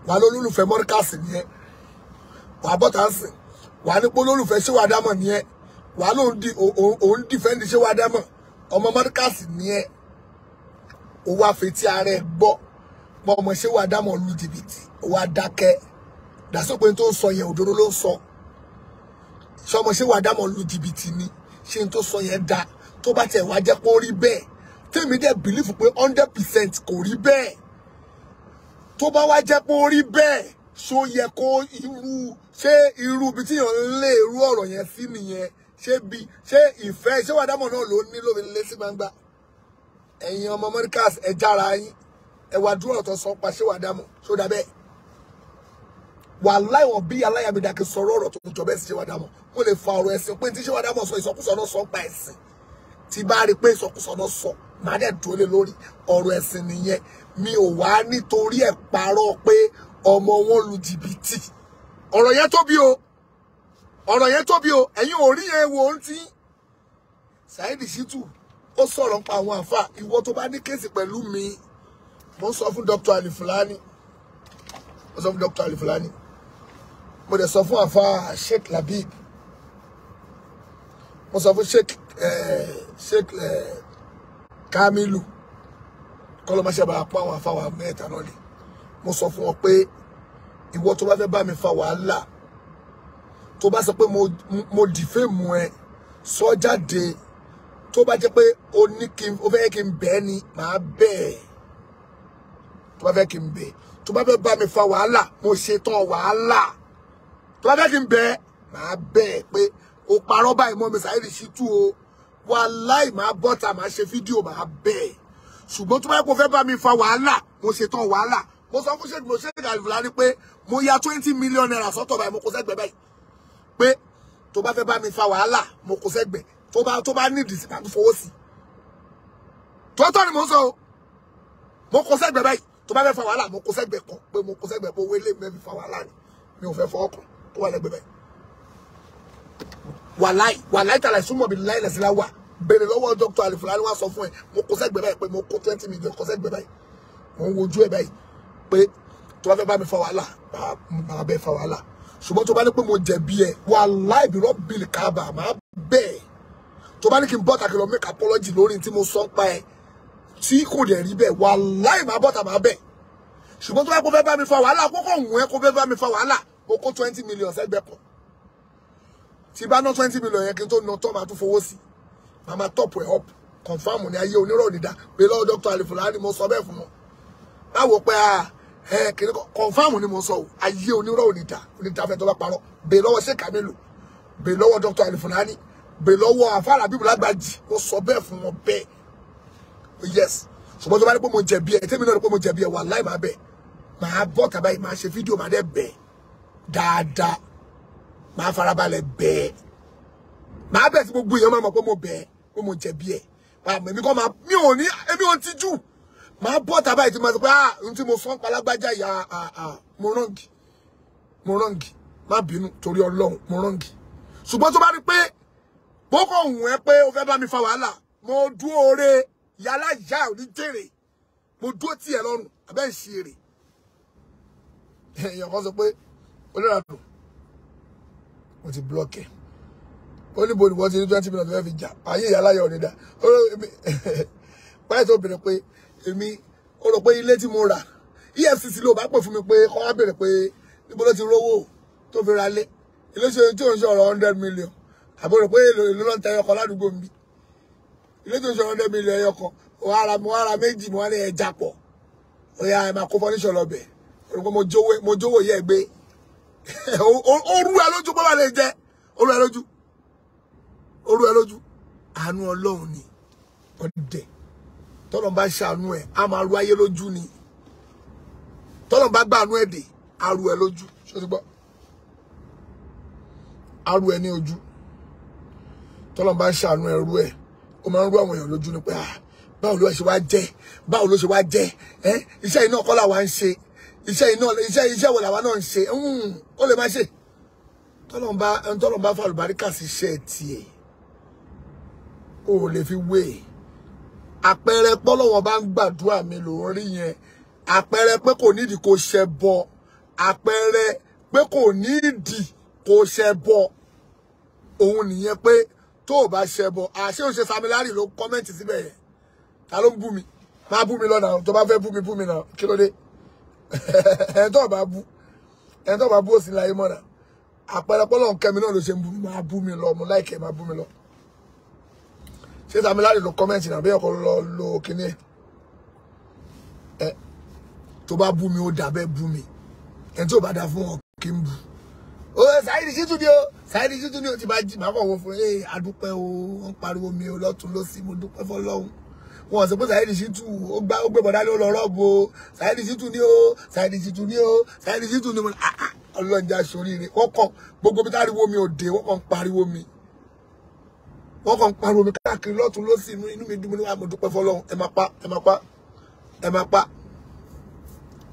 wà lólùfẹ́ mọ́ríkàsì nìyẹn wà bọ́ tá a sìn wà ní polólùfẹ́ ṣéwà dàbọ̀ nìyẹn wà lóun di òun dìfẹ́ǹdì ṣé wàá dámọ̀ ọmọ mọ́dúkàsì ni ẹ ó wá fetí ara ẹ gbọ́ pọ́ ọmọ ṣé wàá dámọ̀ lu jìbìtì ó wá dákẹ́ dàsópé tó ń sọ yẹn òdodo ló ń sọ ṣé ọmọ ṣé wàá dámọ̀ lu jìbìtì ni ṣé n tó sọ yẹn da tó bá tiẹ̀ wá jẹ́ kó rí bẹ́ẹ̀ tèmi dẹ̀ bìlífù pé hundred percent kò rí bẹ́ẹ̀ tó bá wá jẹ́ kó rí bẹ́ẹ̀ ṣó yẹ kó irú ṣé irú ibi tí yàn ń lé irú ọ̀rọ̀ yẹn sí nìyẹn ṣé bi ṣé ìfẹ́ ṣé wàá dámọ̀ náà ló ní lómi lé sí gbangba ẹ̀yin ọmọ mọ́ríkàs ẹ jára yín ẹ wàá dúró ọ̀tọ̀ sọ pa ṣé wàá dámọ̀ ṣó dà bẹ́ẹ̀ wà láìwọ̀n bí aláyàmídàkẹ́ sọ̀rọ̀ ọ̀rọ̀ tó ń jọ bẹ́ẹ̀ sí ṣé wàá dámọ̀ mo lè fa ọ̀rọ̀ ẹ̀sìn pé tí ṣé wàá dámọ̀ sọ ìsọkúsọ náà sọ pa ẹ̀sìn tí bá rí pé ìsọkúsọ náà sọ màá dẹ̀ dúró lé lórí ọ̀rọ̀ ẹ̀sìn nìyẹn mi ò wá nítorí ẹ̀ parọ́ pé ọmọ wọn lu jìbìtì ọ̀rọ̀ yẹn tóbi o ọ̀rọ̀ yẹn tóbi o ẹ̀yin ò yẹn wo ntí Saheed Shittu ó sọ̀rọ̀ nípa àwọn àfa ìwọ tó bá ní kéèsì pẹ̀lú mi mo ń sọ fún Dr. Ali Fulani mo sọ fún Dr. Ali Fulani mo dẹ̀ sọ fún àfa Sheikh Labib mo sọ fún Sheikh eh, Sheikh eh, Kamilu kọlọmọṣẹ bá pọ àwọn àfa wa mẹ́ta náà lè mo sọ fún wọn pé ìwọ tó bá fẹ́ bá mi fa wàhálà tó bá sọ pé mo mo dìféèmù ẹ sọ jáde tó bá jẹ́ pé o ní kí n o fẹ́ kí n bẹ́ẹ̀ ni màá bẹ́ẹ̀ tó bá fẹ́ kí n bẹ́ẹ̀ tó bá fẹ́ bá mi fa wàhálà mo ṣe tán wàhálà tó bá fẹ́ kí n ma màá bẹ́ẹ̀ pé o parọ́ báyìí mọ́ mi Saheed Shittu o wàláì màá bọ́ta màá ṣe fídíò màá bẹ́ẹ̀ ṣùgbọ́n tó bá yẹ kó fẹ́ mi fa wàhálà mo ṣe tán wàhálà mo sọ fún ṣèkìlọ ṣèkìlọ àlùfáà ni pé mo ya twenty million naira sọ́tọ̀ báyìí mo kó sẹ́gbẹ̀ẹ́ báyìí pé tó bá fẹ́ bá mi fa wàhálà mo kò sẹ́gbẹ̀ tó bá tó bá nídìí sí máa ń fowó sí tòótọ́ ni mo ń sọ o mo kò sẹ́gbẹ̀ báyìí tó bá fẹ́ fa wàhálà mo kò sẹ́gbẹ̀ kan pé mo kò sẹ́gbẹ̀ pé owó ilé mi fa wàhálà ni mi ò fẹ́ fọ ọkàn tó wà lẹ́gbẹ̀ẹ́ báyìí wàláì wàláì tàlà ìsúnmọ̀ mi láì lẹ̀sìn láwà béèrè lọ́wọ́ dr alifulani wá sọ fún ẹ mo kò sẹ́gbẹ̀ báyìí pé mo kó twenty million kò sẹ́gbẹ̀ báyìí mo ń wojú ẹ báyìí pé tó bá fẹ́ bá mi fa wàhálà bàbá bẹ́ẹ̀ fa wàhálà ṣùgbọ́n tó bá ní pé mo jẹ̀bi ẹ̀ wà láì bí rọ́bìlì kábà máa bẹ́ẹ̀ tó bá ní kí n bọ́ta kí n lọ make apology lórí tí mo sọ ń pa ẹ̀ tí kò dẹ̀ rí bẹ́ẹ̀ wà láì máa bọ́ta máa bẹ́ẹ̀ ṣùgbọ́n tó bá kó fẹ́ bá mi fa wàhálà kókó òun ẹ kó fẹ́ bá mi fa wàhálà o kó twenty million sẹ́gbẹ́ pọ̀ tí bá ná twenty million yẹn kí n tó na tọ́ máa tún fowó sí màmá tọ́pù ẹ̀ up confam ní ayé onírọ̀ nídà pé lọ́wọ́ dr alifulani mo sọ bẹ́ẹ̀ fún wọn báwo pé a. Ah, ẹ kìnìún kọ kọnfàmù ni mo sọ o ayé onírọ́ oníta oníta fẹ́ tó bá parọ́ bèè lọ́wọ́ ṣé kamilu bèè lọ́wọ́ dr alifunani bèè lọ́wọ́ afárá bíbù lágbàjì ó sọ bẹ́ẹ̀ fún wọn bẹ́ẹ̀ yes ṣùgbọ́n tó bá rí pé mo jẹ̀bi ẹ̀ tẹ́mi náà rí pé mo jẹ̀bi ẹ̀ wàláhì máa bẹ̀ máa bọ́ tàbá yìí máa ṣe fídíò máa dẹ́ bẹ̀ dáadáa máa farabalẹ̀ bẹ̀ máa bẹ̀ tí gbogbo èèyàn máa mọ̀ pé mo bẹ̀ pé mo jẹ̀bi Pa pàmò mi kọ́ máa mi ò ní èmi ò tijú màá bọ́ tàbá ìtì máa sọ pé ah n tí mo fọ́n palágbájá ìyá mo rọ́ǹgì mo rọ́ǹgì má bínú torí ọlọ́run mo rọ́ǹgì ṣùgbọ́n tó bá rí pé bókò hùn ẹ́ pé o fẹ́ bá mi fa wàhálà mo dúró oore yálà ìyá ò ní jèrè mo dúró tiẹ̀ lọ́rùn abẹ́ ń ṣe èrè kan sọ pé olóòrànù mo ti blọ́ọ̀kì ó ní bòlùbọ́ ti ní twenty million fẹ́ fi jà ayé ìyá aláyọ̀ ò ní dá báyìí tó pé èmi ó rò pé ilé tí mo rà EFCC ló bá pè fún mi pé kọ́ wá bèrè pé níbo ló ti rówó tó fi ra lé ilé ṣe tí ò ń ṣe ọ̀rọ̀ hundred million àbí rò pé èlò èlò ló ń tẹ ẹyọkọ ládùúgbò mi ilé tó ń ṣe hundred million ẹyọkọ wọ́n ara mo ara méjì mo wá ní ẹja pọ̀ ó yá ẹ máa kó fọ́níṣọ̀ lọ bẹ̀ rò pé mo jówó yẹ gbé ó rú ẹ lójú bọ́lá lè jẹ ó rú ẹ lójú ó rú ẹ lójú àánú ọlọ́run ni ọdẹ tọ́lọ́n bá ṣàánú ẹ̀ á máa ru ayé lójú ni tọ́lọ́n bá gbàánú ẹ̀ dè á ru ẹ lójú ṣó ti gbọ́ á ru ẹ ní ojú tọ́lọ́n bá ṣàánú ẹ̀ ru ẹ̀ ó máa ń ru àwọn èèyàn lójú ni pé ah báwo ló ṣe wá jẹ́ báwo ló ṣe wá jẹ́ ẹ́ iṣẹ́ iná kọ́ làwa ń ṣe iṣẹ́ iná iṣẹ́ iṣẹ́ wo làwa náà ń ṣe ó lè má ṣe tọ́lọ́n bá tọ́lọ́n bá fàlùbáríkà sí iṣẹ́ tiẹ̀ ó lè fi wéè. E àpẹẹrẹ pọ́lọ́wọ́n bá ń gbàdúrà mi ló ń rí yẹn àpẹẹrẹ pé kò nídìí kò ṣẹ bọ àpẹẹrẹ pé kò nídìí kò ṣẹ bọ òun nìyẹn pé tó o bá ṣẹ bọ àṣé òṣè samilari ló kọ́mẹ́ǹtì síbẹ̀ yẹn ta ló ń bú mi máa bú mi lọ́nà tó bá fẹ́ bú mi bú mi náà kí ló dé ẹ̀ bá bú ẹ̀ bá bú òsì láyé mọ́ra àpẹẹrẹ pọ́lọ́wọ́n kẹ́mi náà ló ṣe ń bú mi máa bú mi lọ mo láìkẹ́ máa bú mi lọ ṣé Sàámì Lárè ló kọ́mẹ́ǹtì náà bí ọkọ̀ lọ lo kíní ẹ tó bá bú mi ó dà bẹ́ẹ̀ bú mi ẹni Oh, ò bá dá fún ọ kí n bú o Saheed Shittu ni o Saheed Shittu ni o ti bá jí màá kọ̀ wọ fún ẹ adúpẹ́ o wọ́n pariwo mi o lọ́tún lọ́sí mo dúpẹ́ fọlọ́hún wọn sọ pé Saheed Shittu ó gbá ó gbé bọ̀dá ló lọ rọ́ọ̀bù o Saheed Shittu ni o Saheed Shittu ni o Saheed Shittu ni mo ọlọ́njà sórí rẹ̀ wọ́n kàn gbogbo bí táriwo mi ò dé wọ́n kàn pariwo mi wọ́n kàn ń pariwo mi káàkiri lọ́tún lọ́sì inú inú mi dùn mí ní àmọ́ ah, dúpẹ́ fọlọ́run ẹ máa pa ẹ máa pa ẹ máa pa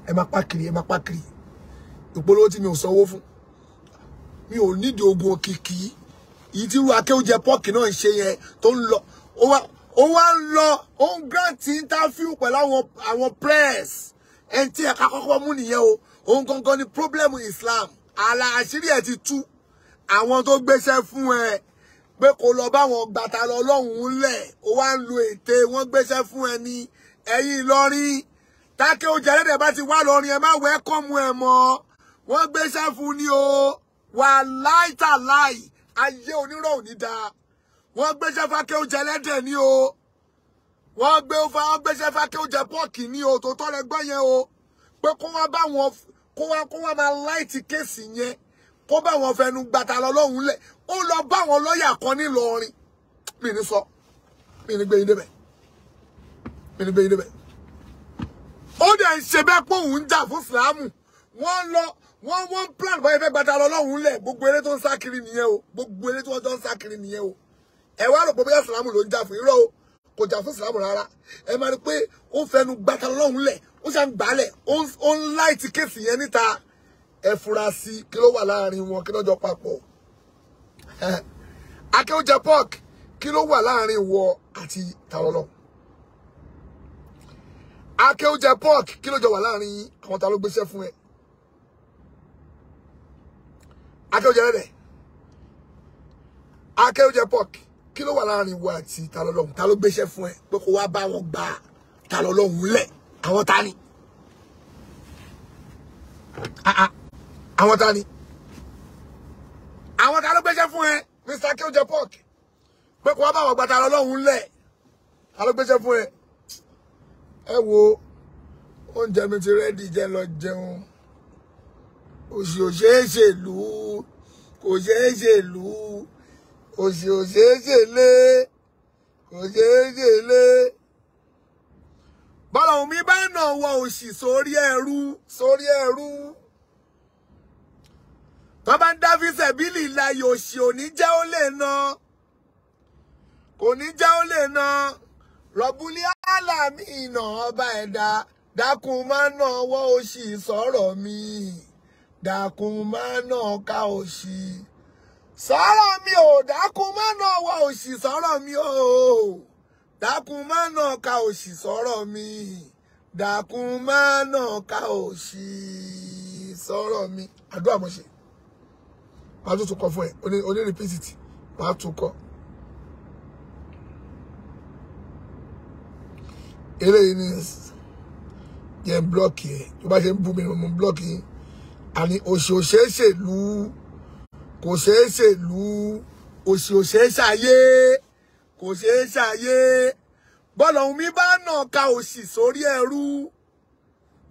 ẹ máa pa kiri ẹ máa pa kiri ìpolówó tí mi ò sanwó fún mi ò nídìí ogun òkìkí yìí tí irú akéwòjẹ pọ́ọ̀kì náà ń ṣe yẹn tó ń lọ ó wá ń lọ ó ń grant interview pẹ̀lú àwọn àwọn press ẹni tí ẹ̀ka kọ́kọ́ mú nìyẹn o òun gangan ni problem Islam àlà àṣírí ẹ̀ ti tú àwọn tó gbéṣẹ́ fún ẹ pé kò lọ báwọn gbàtà lọ lọ́hùn-ún lẹ̀ ó wá ń lu ète wọ́n gbéṣẹ́ fún ẹni ẹ̀yìn Ìlọrin tákẹ́ oúnjẹ ẹlẹ́dẹ̀ bá ti wá lọ́rin ẹ má wẹ́kọ̀mù ẹ̀ mọ́ wọ́n gbéṣẹ́ fún ni o wà láìta láì ayé onírọ̀ ò ní da wọ́n gbéṣẹ́ fákẹ́ oúnjẹ ẹlẹ́dẹ̀ ni o wọ́n gbé wọ́n gbéṣẹ́ fákẹ́ oúnjẹ pọ́ọ̀kì ni o tó tọ́lẹ̀ gbọ́ yẹn o pé kó wọ́n bá wọn kó wọ́n máa láìtì kéèsì yẹn kó bá wọn fẹnu gbàtà lọ lọ́hùn-ún ó lọ bá àwọn lọ́yà kan nílọrin mi ní sọ mi ní gbẹ̀yìn débẹ̀ mi ní gbẹ̀yìn débẹ̀ ó dẹ̀ ń ṣe bẹ́ẹ̀ pé òun ń jà fún sìlámù wọ́n lọ wọ́n plan báyìí fẹ́ gbàdá lọ́lọ́run lẹ̀ gbogbo eré tó ń sá o gbogbo eré tí wọ́n jọ ń o ẹ wá rò pé bóyá sìlámù ló ń jà fún irọ́ o kò jà fún sìlámù rárá ẹ máa rí pé ó fẹnu gbàdá lọ́lọ́run lẹ̀ ó ṣàn gbálẹ̀ ó ń láìtì kéèsì yẹn níta ẹ fura sí kí ló wà láàrin akéwòjẹ park kí ló wà láàrin wọ àti tàlọ́lọ́ akéwòjẹ park kí ló jọ wà láàrin àwọn ta ló gbéṣẹ́ fún ẹ akéwòjẹ rẹ akéwòjẹ park kí ló wà láàrin wọ àti tàlọ́lọ́hún ta ló gbéṣẹ́ fún ẹ pé kó wá bá wọn gba tàlọ́lọ́hún lẹ̀ àwọn ta ni ah, ah. àwọn ta ni àwọn ta ló gbéṣẹ́ fún ẹ Mr. Akeoje Pork pé kó wá bá àwọn gbàtà ọlọ́run lẹ̀ ta ló gbéṣẹ́ fún ẹ ẹ wo oúnjẹ mi ti rẹ́dí jẹ́ lọ jẹun òsì òṣèṣèlú kò ṣeéṣèlú òsì òṣèṣèlé kò ṣeéṣèlé bọ́lá omi bá nà wọ òsì sórí ẹrú sórí ẹrú tó bá ń dá fíṣẹ̀ bílì ìlàyò òsì ò ní jẹ́ ó lè na kò ní jẹ́ ó lè na rọ̀bùlì álàmì ìnà ọba ẹ̀dá dákun má nà ọwọ́ òsì sọ̀rọ̀ mi dákun má nà ọ̀ka òsì sọ̀rọ̀ mi ò dákun má nà ọwọ́ òsì sọ̀rọ̀ mi ò dákun má nà ọ̀ka òsì sọ̀rọ̀ mi dákun má nà ọ̀ka òsì sọ̀rọ̀ mi àdúrà mo ṣe màá tún tún kọ fún ẹ oní repeat it màá tún kọ. eléyìí ni yẹn blọọkì ẹ tó bá ṣe ń bú mi ni mo blọọkì yín àní òṣì òṣèṣèlú kò ṣeéṣèlú òṣì òṣèṣàyé kò ṣeéṣàyé bọ́ọ̀lù ọ̀hún mi bá nà ka òṣì sórí ẹrú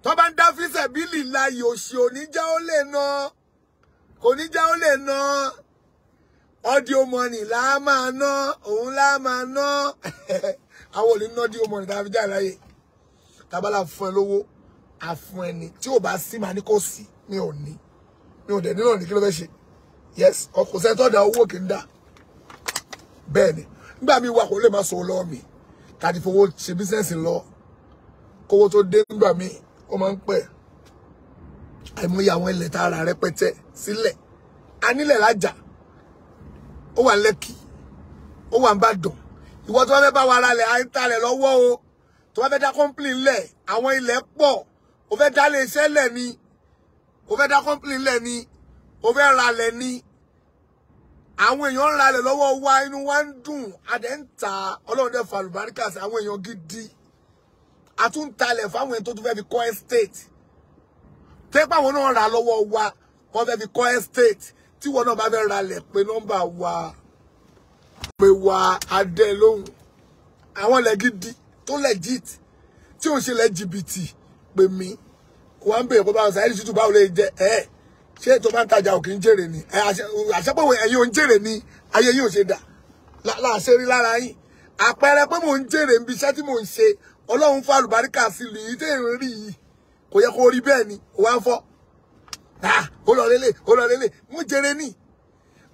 tó bá ń dá fíṣẹ̀ bílì láyé òṣì òní jẹ́ ó lè náà kò ní já ó lè ná audio money là á máa ná òun là máa ná àwọn ò ní ná audio money tàbí já láyè tábàlà fún ẹ lówó àfún ẹni tí ò bá sí màá ní kò sí mi ò ní mi ò dẹ̀ nínú ní kí ló fẹ́ ṣe yes ọkọ̀ sẹ́ńtọ́ da owó kì í dà bẹ́ẹ̀ ni nígbà mi wà kó lè má sọ lọ́wọ́ mi tàbí fowó ṣe bísíǹsì lọ kówó tó dé nígbà mi ó máa ń pẹ́ àìmọye àwọn ilẹ̀ tá a ra rẹpẹtẹ sílẹ̀ anílẹ̀ lájà ó wà lẹ́kì ó wà ń bá dùn ìwọ tó wá fẹ́ bá wa ara lẹ̀ àìtalẹ̀ lọ́wọ́ o tó wá fẹ́ dá kọ́ńpìlì lẹ̀ àwọn ilẹ̀ pọ̀ o fẹ́ dá lé iṣẹ́ lẹ̀ ni o fẹ́ dá kọ́ńpìlì lẹ̀ ni o fẹ́ ra lẹ̀ ni àwọn èèyàn ń ra lẹ̀ lọ́wọ́ wa inú wa ń dùn adẹ̀ ń ta ọlọ́run dẹ̀ fa àlùbáríkà sí àwọn èèyàn gidi àtúntalẹ̀ fáwọn èèyàn tó tún fẹ́ fi kọ́ estate tẹ́pẹ́ àwọn náà ra lọ́wọ́ wa wọ́n fẹ́ fi kọ́ estate tí wọ́n náà bá fẹ́ ralẹ̀ pé nọ́mbà wa pé wa adẹ́ lóhùn àwọn ilẹ̀ gidi tó legit tí òun ṣe lẹ́ jìbìtì pé mi wọ́n ń bèèrè pé báwo sáyẹ́dì tútù báwo lè jẹ ẹ́ ṣé tó bá ń tajà òkè ń jèrè ni àṣepọ̀wé ẹ̀yin ò jèrè ni ayé yìí ò ṣe dà láàṣẹ rí lára yín àpẹẹrẹ pé mò ń jèrè níbi iṣẹ́ tí mò ń ṣe ọlọ́run fún àlùbáríkà sí lùyí tẹ́ ń rí yìí kò yẹ kó rí bẹ́ẹ̀ ni wọ́n á fọ́ Ah, ó lọ lélẹ̀ ó lọ lélẹ̀ mú jèrè ní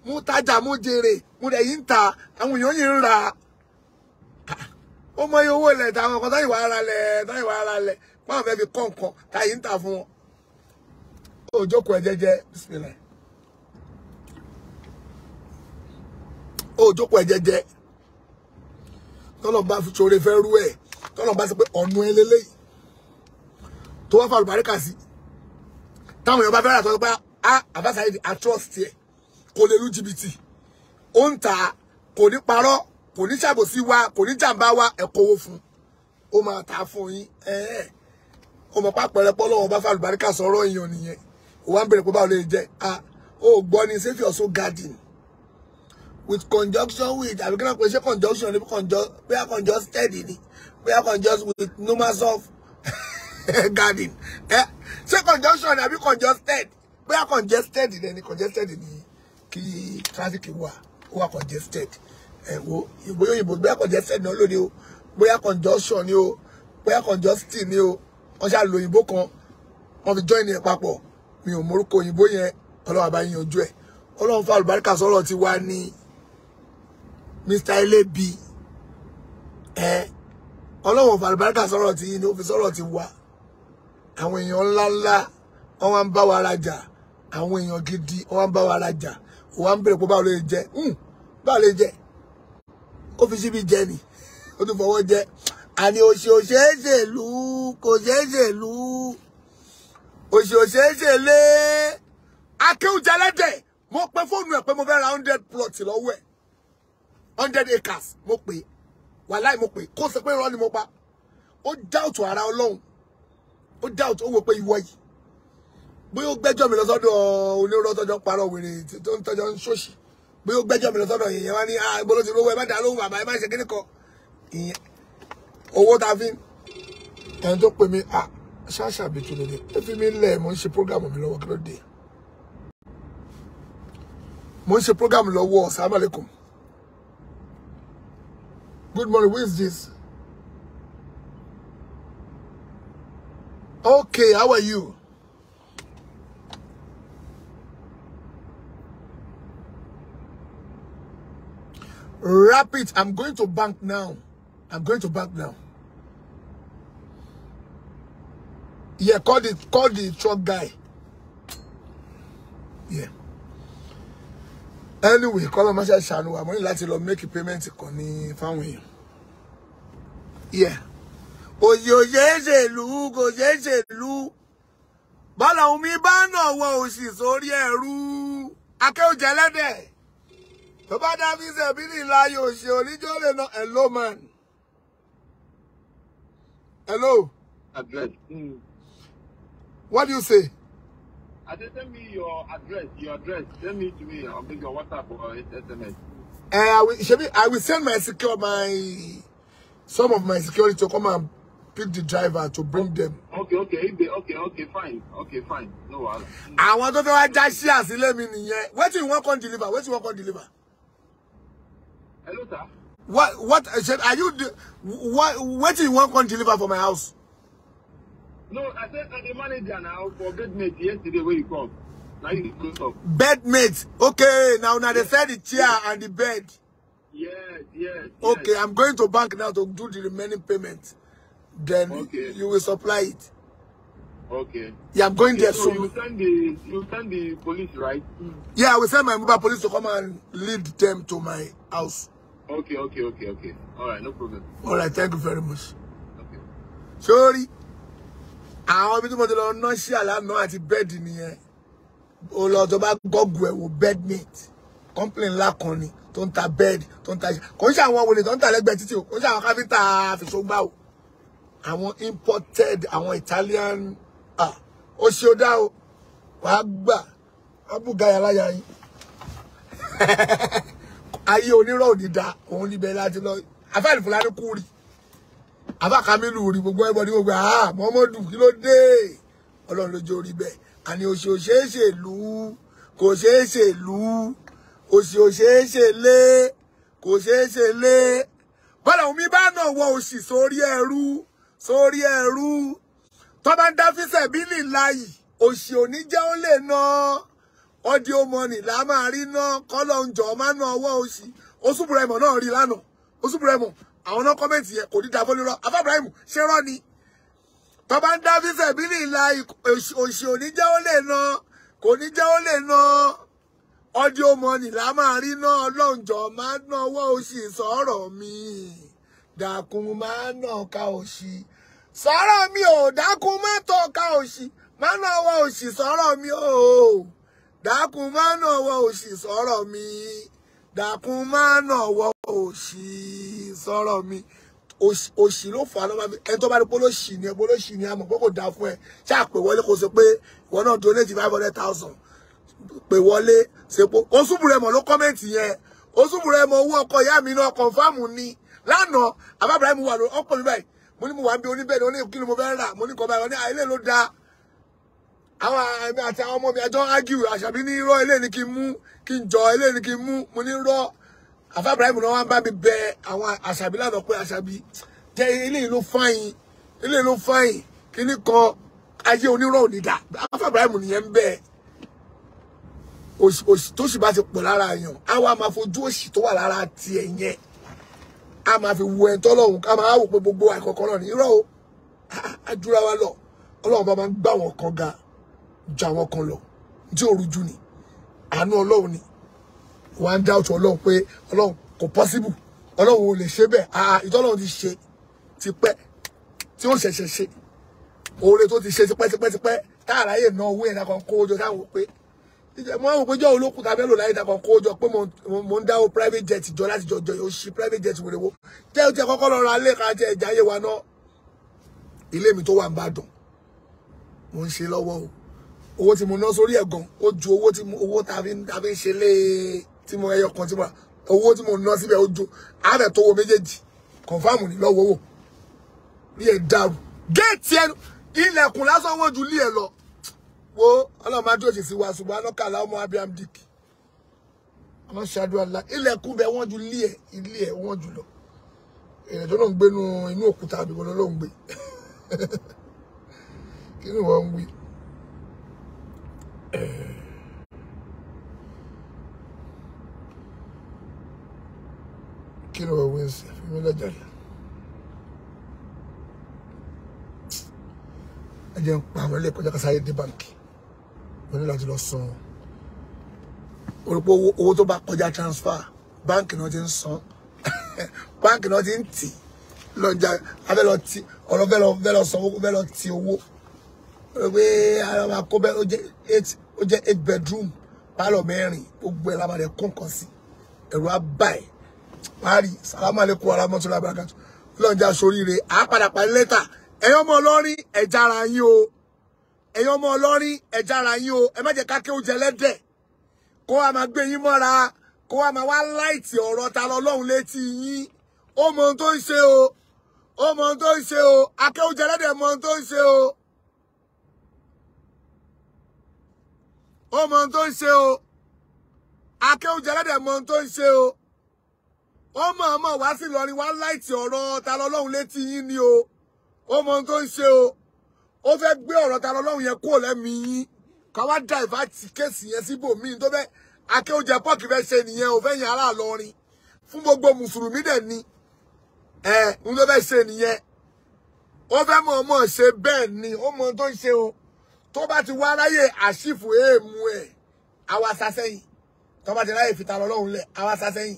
mú tájà mú jèrè mú rẹ̀ yìí ń ta àwọn èèyàn yìí ń ra ah, ó mọ iye owó ilẹ̀ táwọn ọkọ̀ táyìnwá ara lẹ̀ táyìnwá ara lẹ̀ báwọn fẹ́ fi kọ́ nǹkan táyì ń ta fún wọn. ó jókòó ẹ jẹ́jẹ́ bismillah ó jókòó ẹ jẹ́jẹ́ tọ́lọ̀ bá fi ṣoore fẹ́ rú ẹ̀ tọ́lọ̀ bá sọ pé ọ̀nù ẹ lélẹ́yìí tó wá fa àlùbáríkà sí i táwọn èèyàn bá fẹ́ rà a àbáṣà yìí a trust ẹ kò lè lu jìbìtì ó ń ta kò ní parọ́ kò ní ṣàbòsí wa kò ní jàǹbá wa ẹ kówó fún ó máa ta fún yín ẹ ẹ ó mọ̀ pa pẹ̀rẹ̀ pọ́ lọ́wọ́ bá fà lùbáríkà sọ̀rọ̀ èèyàn nìyẹn òwà ń bèrè pé báwo lè jẹ́ a ó gbọ́ ni safety also garden with conjunction with àbíkínà pé ṣé conjunction ni bí conjunction bí a conjusted ni bí a conjust with numerous of garden eh ṣé conjunction you congested are congested Then ni congested in the traffic wà ó wà congested ẹ eh, are ìwé òyìnbó bóyá congested náà lóde o bóyá conjunction ni o congested No o wọ́n ṣáà lo òyìnbó kan wọ́n fi join ẹ̀ papọ̀ mi ò mórúkọ òyìnbó yẹn ọlọ́wà bá yín ojú ẹ̀ ọlọ́run fa àlùbáríkà sọ́rọ̀ ti wá ní Mr. Elebi ẹ eh, ọlọ́run fa àlùbáríkà sọ́rọ̀ ti yín ni ó fi sọ́rọ̀ ti àwọn èèyàn ńláńlá wọn wá ń bá wa rajà àwọn èèyàn gidi wọn wá ń bá wa rajà wọn wá ń bèrè pé báwo ló lè jẹ hmm, báwo lè jẹ ó fi síbi jẹ ni ó tún fọwọ́ jẹ àní òṣè òṣèṣèlú kò ṣeéṣèlú òṣè òṣèṣèlé akéwùjẹlẹ́dẹ̀ mo pe fóònù ẹ̀ pé mo fẹ́ ra hundred plot lọ́wọ́ ẹ̀ hundred acres mo pè wàláì mo pè kó o sọ pé irọ́ ni mo pa ó dáùtù ara ọlọ́run ó doubt ó wò pé ìwọ yìí bóyá ó mi lọ sọ́dọ̀ onírọ́ tọ́jọ́ parọ́ wèrè tó ń tọ́jọ́ ń ṣòṣì bóyá ó gbẹ́jọ́ mi lọ sọ́dọ̀ yìnyín wá ní àgbọ̀n ah, ti rówó ẹ má dá lóhùn bàbá ẹ má ṣe kíní kan ìyẹn owó ta fi ẹni tó pè mí à ṣáṣà bí kí ló dé fi mí lẹ̀ mo ń ṣe mi lọ́wọ́ kí ló mo ń ṣe prógàmù assalamu alaikum good morning who is this Okay, how are you? Wrap it. I'm going to bank now. I'm going to bank now. Yeah, call the call the truck guy. Yeah. Anyway, call him. I said, "Shanu, I'm going to make a payment." Fáwọn èèyàn. Yeah òyè òyè ṣèlú kò ṣe é ṣèlú bọ́lọ̀hún mi bá nà wọ òṣì sórí ẹ̀rú akéwòjẹ́ lẹ́dẹ̀ tó bá dá fi ṣẹ̀bí nílá yóò ṣe oníjó lè na hello man hello. address. what do you say. Ade, send me your address, your address. Send me to me on your WhatsApp or SMS. Uh, eh, I will, I will send my secure my some of my security to come and pick the driver to bring them. Okay, okay, okay, okay, fine, okay, fine, no wahala. Àwọn tó fẹ́ wá já sí àsílẹ̀ mi nìyẹn. do you want to deliver? do you want to deliver? Hello, sir. What, what, said, are you, what, do you want to deliver for my house? No, I said that the manager now for bedmate yesterday when you called? Now you close up. Bedmate, okay, now, now they said the chair and the bed. Yes, yes, yes. Okay, I'm going to bank now to do the remaining payment then okay. you will supply it. Okay. Yeah, I'm going okay, there so soon. You send the you send the police, right? Mm. Yeah, I will send my mobile police to come and lead them to my house. Okay, okay, okay, okay. All right, no problem. All right, thank you very much. Okay. Sorry. I ibi tí mo ti lọ ná sí àlànà àti bẹ́ẹ̀dì nìyẹn. Olọ tó bá gọ́gù ẹ̀ wò bẹ́ẹ̀dmate. Kọ́ńpìlì ńlá kan ni tó ń ta bẹ́ẹ̀dì tó ń ta. Kò ń ṣe àwọn wòlé tó ń ta lẹ́gbẹ̀ẹ́ títì o. I have it, àwọn káfíńtà àfìṣógbà àwọn imported àwọn Italian ah ó ṣe ó dá o wàá gbà wàá bùgáyà láyà yín ayé onírọ̀ òní da òun níbẹ̀ láti lọ afẹ́ẹ̀lì fúlàní kú rí àbá kamilu rí gbogbo ẹbọ ní gbogbo ah mọ́mọ́dù kí ló dé ọlọ́run lójó rí bẹ́ẹ̀ àní òṣì òṣèṣe lù ú kò ṣeéṣe lù ú òṣì òṣèṣe lé kò ṣeéṣe lé bọ́lá omi bá náà wọ òṣì sórí ẹrú sórí ẹrú tó bá ń dá fíṣẹ̀ bílì láyì òṣì òní jẹ́ ó lè ná ọdí ọmọnì là máa rí ná kọ́lọ̀ ń jọ máa ná ọwọ́ òṣì osùbùrẹ́mọ̀ náà rí lánàá osùbùrẹ́mọ̀ àwọn náà kọ́mẹ̀ntì yẹn kò ní dábò lè rọ afábùrẹ́mù ṣé rọ́ ni tó bá ń dá fíṣẹ̀ bílì láyì òṣì òní jẹ́ ó lè ná kò ní jẹ́ ó lè ná ọdí ọmọnì là máa rí ná ọlọ́njọ́ máa ná ọwọ́ òṣì sọ̀rọ̀ mi dàkún máa ná ọ̀ka òṣì sọ̀rọ̀ mi ò dákun mọ́tò ọ̀ka òṣì mọ́nà ọwọ́ òṣì sọ̀rọ̀ mi ò dákun mọ́nà ọwọ́ òṣì sọ̀rọ̀ mi dákun mọ́nà ọwọ́ òṣì sọ̀rọ̀ mi òṣì ló fà á lọ́wọ́ mi ẹni tó bá rí polóṣì ni polóṣì ni a pé kò dáa fún ẹ ṣáà pè wọlé kó sọ pé ìwọ náà donate five hundred thousand pè wọlé ṣepo osùnbùrẹ́mọ̀ ló kọ́mẹ̀ntì yẹn osùnbùrẹ́mọ̀ owó ọkọ̀ ìyá mi náà kọ̀ǹfàmù ni lánàá àbábàrá mi wà lórí ọ̀pọ̀ mi báyìí mo ní mo wà ń bí oníbẹ̀rẹ̀ oní kí ni mo fẹ́ rà mo ní kọ́ba ní ah, ilé ló da àwọn àmì àti àwọn ọmọ mi àjọ ágìwì àṣàbí ní irọ́ ilé ni kí n mú kí n jọ ilé ni kí n mú mo ní rọ́ àfa Ibrahim náà wọ́n bá mi bẹ àwọn àṣàbí lánàá pé àṣàbí jẹ́ ilé ló fáyìn ilé ló fáyìn kí ni kan ayé onírọ̀ ò ní dà àfa Ibrahim nìyẹn ń bẹ́ẹ̀ òṣì tó sì bá ti pọ̀ lára èèyàn á wá máa fojú òṣì tó wà lára tiẹ̀ a máa fi wo ẹni tọ́lọ́hún ká máa wò pé gbogbo àìkọ̀kọ̀ náà ní irọ́ o àdúrà wa lọ ọlọ́run bá máa ń gbà wọn kan ga ju àwọn kan lọ tí ò rújú ni àánú ọlọ́run ni wàá ń dáwọ́tò ọlọ́run pé ọlọ́run kò pọ́síbù ọlọ́run ò lè ṣe bẹ́ẹ̀ àà ìtọ́lọ́run ti ṣe ti pẹ́ tí ó ṣẹ̀ṣẹ̀ ṣe oore tó ti ṣe tipẹ́tipẹ́tipẹ́ táàráyè náà owó yẹn náà kan kó o jọ táwọn pé mo wá wò pé jọ́ olókùn tàbí ẹlò láyé dàgbà kó jọ pé mo ń dáwó private jet jọ láti jọ jọ òṣì private jet wèrèwó jẹ́ oúnjẹ kọ́kọ́ lọ ra lẹ́ẹ̀ka jẹ́ ẹ̀já ayé wa náà ilé mi tó wà ń bàdàn mo ń ṣe lọ́wọ́ o owó tí mo ná sórí ẹ̀ ó ju owó tí mo owó tàbí tàbí ń ṣe lé tí mo ẹyọ kan tí mo owó tí mo ná síbẹ̀ ó ju àárẹ̀ tó wo méjèèjì kọ̀ǹfàmù ní lọ́wọ́ wò ní ẹ̀ dàrú géètì ẹnu ilẹ̀kùn lásán wọ́n ju lé ẹ lọ wo ọlọ́run máa dòjì sí wa ṣùgbọ́n alọ́kà làwọn ọmọ abiam dick ọlọ́run ṣàdúrà la ilẹ̀kùn bẹ wọ́n ju ilé ẹ̀ ilé ẹ̀ wọ́n jù lọ èèyàn tó ló ń gbé inú òkúta àbí wọn ló ń gbé kí ni wọ́n ń wí. kí ni wọ́n wí ń sè fún mi lọ́jà rẹ̀. ẹ pa àwọn ilé ìkọjá kásáyé dé báńkì mo ní láti lọ san orúkọ owó tó bá kọjá transfer báǹkì náà ti ń san báǹkì náà ti ń tì lọ́jà abẹ́lọ ti ọ̀rọ̀ bẹ́lọ bẹ́lọ sanwó bẹ́lọ ti owó pé ara máa kó bẹ́ẹ̀ ó jẹ́ eight ó jẹ́ eight bedroom pálọ̀ mẹ́rin gbogbo ẹ̀ lábàdẹ̀ kún kan sí ẹ̀rọ abáyé parí salamu aleykum aramọ́tò labarakatu lọ́jà sóríire àápadà parí lẹ́tà ẹ̀yọ́ ọmọ ọlọ́rin ẹ̀jára yín o ẹ̀yin ọmọ ọlọ́rin ẹ̀já ara yín o ẹ má jẹ́ káké oúnjẹ lẹ́dẹ̀ kó wa máa gbé yín mọ́ra kó wa máa wá láìtì ọ̀rọ̀ ta lọ́lọ́run létí yín ó mọ ohun tó ń ṣe o ó mọ ohun tó ń ṣe o aké oúnjẹ lẹ́dẹ̀ mọ ohun tó ń ṣe o ó mọ ohun tó ń ṣe o aké oúnjẹ lẹ́dẹ̀ mọ ohun tó ń ṣe o ó mọ̀ ọ́n wá sí Ìlọrin wá láìtì ọ̀rọ̀ ta lọ́lọ́run létí yín ni o ó mọ ohun tó ń ṣe o ó fẹ́ gbé ọ̀rọ̀ ta lọ́lọ́run yẹn kúrò lẹ́mìí yín ká wá divert kéèsì yẹn síbòmíì tó fẹ́ akéwòjẹ pọ́ọ̀kì fẹ́ ṣe nìyẹn ò fẹ́ yẹn ará lọrin fún gbogbo mùsùlùmí dẹ̀ ni ẹ ń tó fẹ́ ṣe nìyẹn ó fẹ́ mọ̀ ọmọ ṣe bẹ́ẹ̀ ni ó mọ tó ń ṣe o tó bá ti wá ráyè àṣìfù èèmù ẹ̀ àwa sasẹ́yìn tó bá ti ráyè fìtà lọ́lọ́run lẹ̀ àwa sasẹ́yìn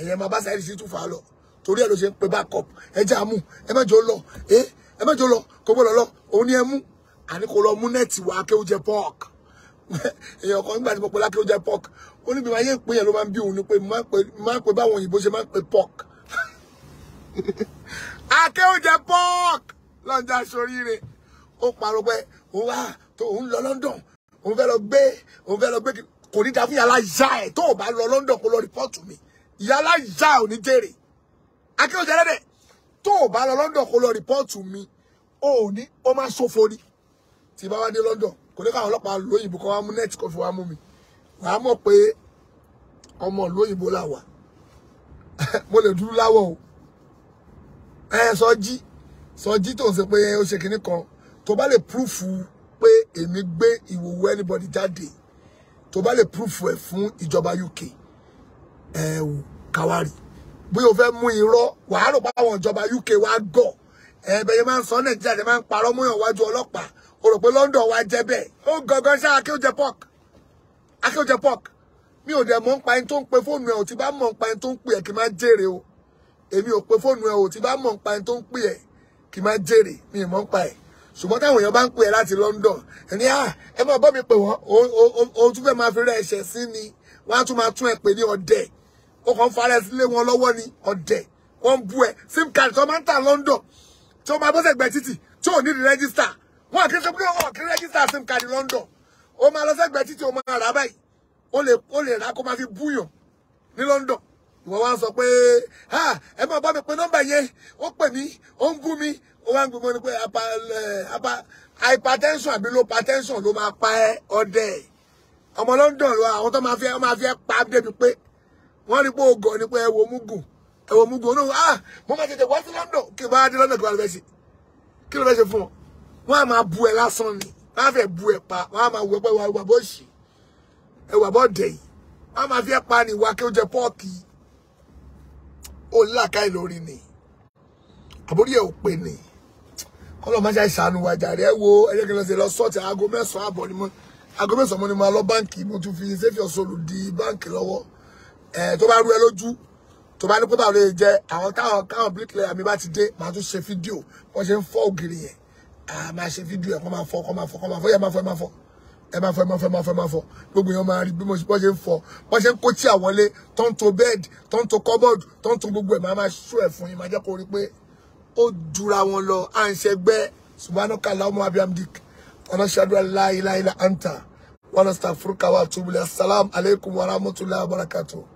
ẹ̀yẹ̀ máa bá sáyẹ́dì sí tù lọ torí ẹ̀ ló ṣe ń pe backup ẹ jẹ́ àmú ẹ mẹ́jọ lọ ẹ mẹ́jọ lọ kò gbọ́dọ̀ lọ òun ni ẹ mú àní kò lọ mú nẹ́ẹ̀tì wá akéwòjẹ pork èèyàn kan nígbà tí mo pè lákéwòjẹ pork ó ní bí wọ́n ayé ìpín yẹn ló máa ma bí òun ni pé máa ń pè báwọn òyìnbó ṣe máa ń pè pork akéwòjẹ pork lọ́njà sóríire ó parọ́ pé òun wà tó òun lọ London òun fẹ́ lọ gbé òun fẹ́ lọ gbé kò ní da fún yàrá ìyá ẹ̀ tó o bá lọ London kó lọ rìpọ́ọ̀tù mi yàrá ìyá ò ní jèrè akéwòjẹ lẹ́dẹ̀ẹ́ tó o bá lọ London kó lọ rìpọ́ọ̀tù mi o ò ní o máa ṣòfò ni tí bá wá dé London kò ní káwọn ọlọ́pàá lóyìnbó kan wá mú nẹ́ẹ̀tì kan fi wá mú mi wàá mọ̀ pé ọmọ lóyìnbó là wà mo lè dúró láwọ̀ o ẹ sọjí sọjí tó ń ṣe pé ó ṣe kinní kan tó bá lè púrúfù pé èmi gbé ìwòwò anybody jáde tó bá lè púrúfù ẹ fún ìjọba UK ẹ wò káwárì bóyá o fẹ́ mú irọ́ wàá rò páwọn ìjọba UK wá gọ̀ ẹ̀ẹ́bẹ̀ yẹn máa ń sọ nàìjíríà yẹn máa ń parọ́ mọ́yàn wájú ọlọ́pàá o rò pé London wá jẹ́ bẹ́ẹ̀ ó gangan ṣá akéwòjẹ park akéwòjẹ park mi ò dẹ̀ mọ̀ ń pa ẹni tó ń pe fóònù ẹ̀ ò ti bá mọ̀ ń pa ẹni tó ń pè ẹ̀ kì máa jèrè o èmi ò pe fóònù ẹ̀ ò ti bá mọ̀ ń pa ẹni tó ń pè ẹ̀ kì máa jèrè mi ì mọ̀ ń pa ẹ̀ ṣùgbọ́n táwọn èèyàn bá ń pè ẹ̀ láti London ẹni à ẹ máa bọ́ mi pè wọ́n o tún fẹ́ máa fi rẹ̀ ẹ̀ṣẹ̀ sí ni wọ́n á tún máa tún ẹ pè ní ọ̀dẹ̀ ó kàn fara sílé wọn lọ́wọ́ ni ọ̀dẹ̀ wọ́n bú ẹ sim card tó máa ń tà London tí wọ́n máa bọ́sẹ̀ gbẹ títì tí ò ní di rẹ́gísítà wọ́n àkíní sọ pé wọ́n àkíní rẹ́gísítà sim card London ó máa lọ sẹ́gbẹ́ títì ó máa rà báyìí ó lè ó lè rà kó máa fi búyàn ní London ìwọ wá sọ pé ha ẹ máa bá mi pé nọ́mbà yẹn ó pè mí ó ń bú mi ó wá ń gbé mọ́ ni pé hypertension àbí low hypertension ló máa pa ẹ́ ọdẹ ọmọ London lọ àwọn tó máa fi ẹ pa débi pé wọ́n rí pé ògọ̀ ni pé ẹwọ mugun ẹwọ mugun oníwò ah mo máa tètè wá sí London kí n bá dé London kí n bá fẹ́ ṣe kí ló fẹ́ ṣe fún ọ wọ́n á máa bu ẹ lásán ni wọ́n á fẹ́ bu ẹ pa wọ́n á máa wọ ẹgbẹ́ ìwà bó ṣì ẹwà bó dẹ̀ yìí wọ́n á máa fi ẹ pa ni ìwà kí ó jẹ pọ́ọ̀kì ó làkàì lórí ni àbórí ẹ ò pè ní kọlọ máa ṣe àṣàánú wa jàre ẹ wo ẹ lọ sí lọ án àbọ̀ ni mo aago án mo ni mo lọ báǹkì mo tún fi ṣẹ́fì ọ̀ṣọ́lù di báǹkì lọ́wọ́ tó bá rú ẹ lójú tó bá ní pé báwo lè jẹ àwọn táwọn káwọn bricklayer mi bá ti dé màá tún ṣe fídíò wọn ṣe ń fọ́ ògiri yẹn àá máa ṣe fídíò ẹ kó máa fọ́ kó máa fọ́ kó máa fọ́ yẹ máa fọ́ ẹ máa fọ́ ẹ máa fọ́ ẹ máa fọ́ ẹ máa fọ́ ẹ máa fọ́ gbogbo yẹn máa rí bí wọn ṣe ń fọ́ wọn ṣe ń kó tí àwọlé tó ń to bed tó ń to cupboard tó ń to gbogbo ẹ máa máa ṣó ẹ fún yín máa jẹ kó rí pé ó jura wọn lọ à ń ṣẹgbẹ subhanaka allahumma abiyamdik ọ̀nà ṣàdúrà la anta wọn lọ sàfúrúkà wà túbúlẹ̀ warahmatullahi wabarakatuh.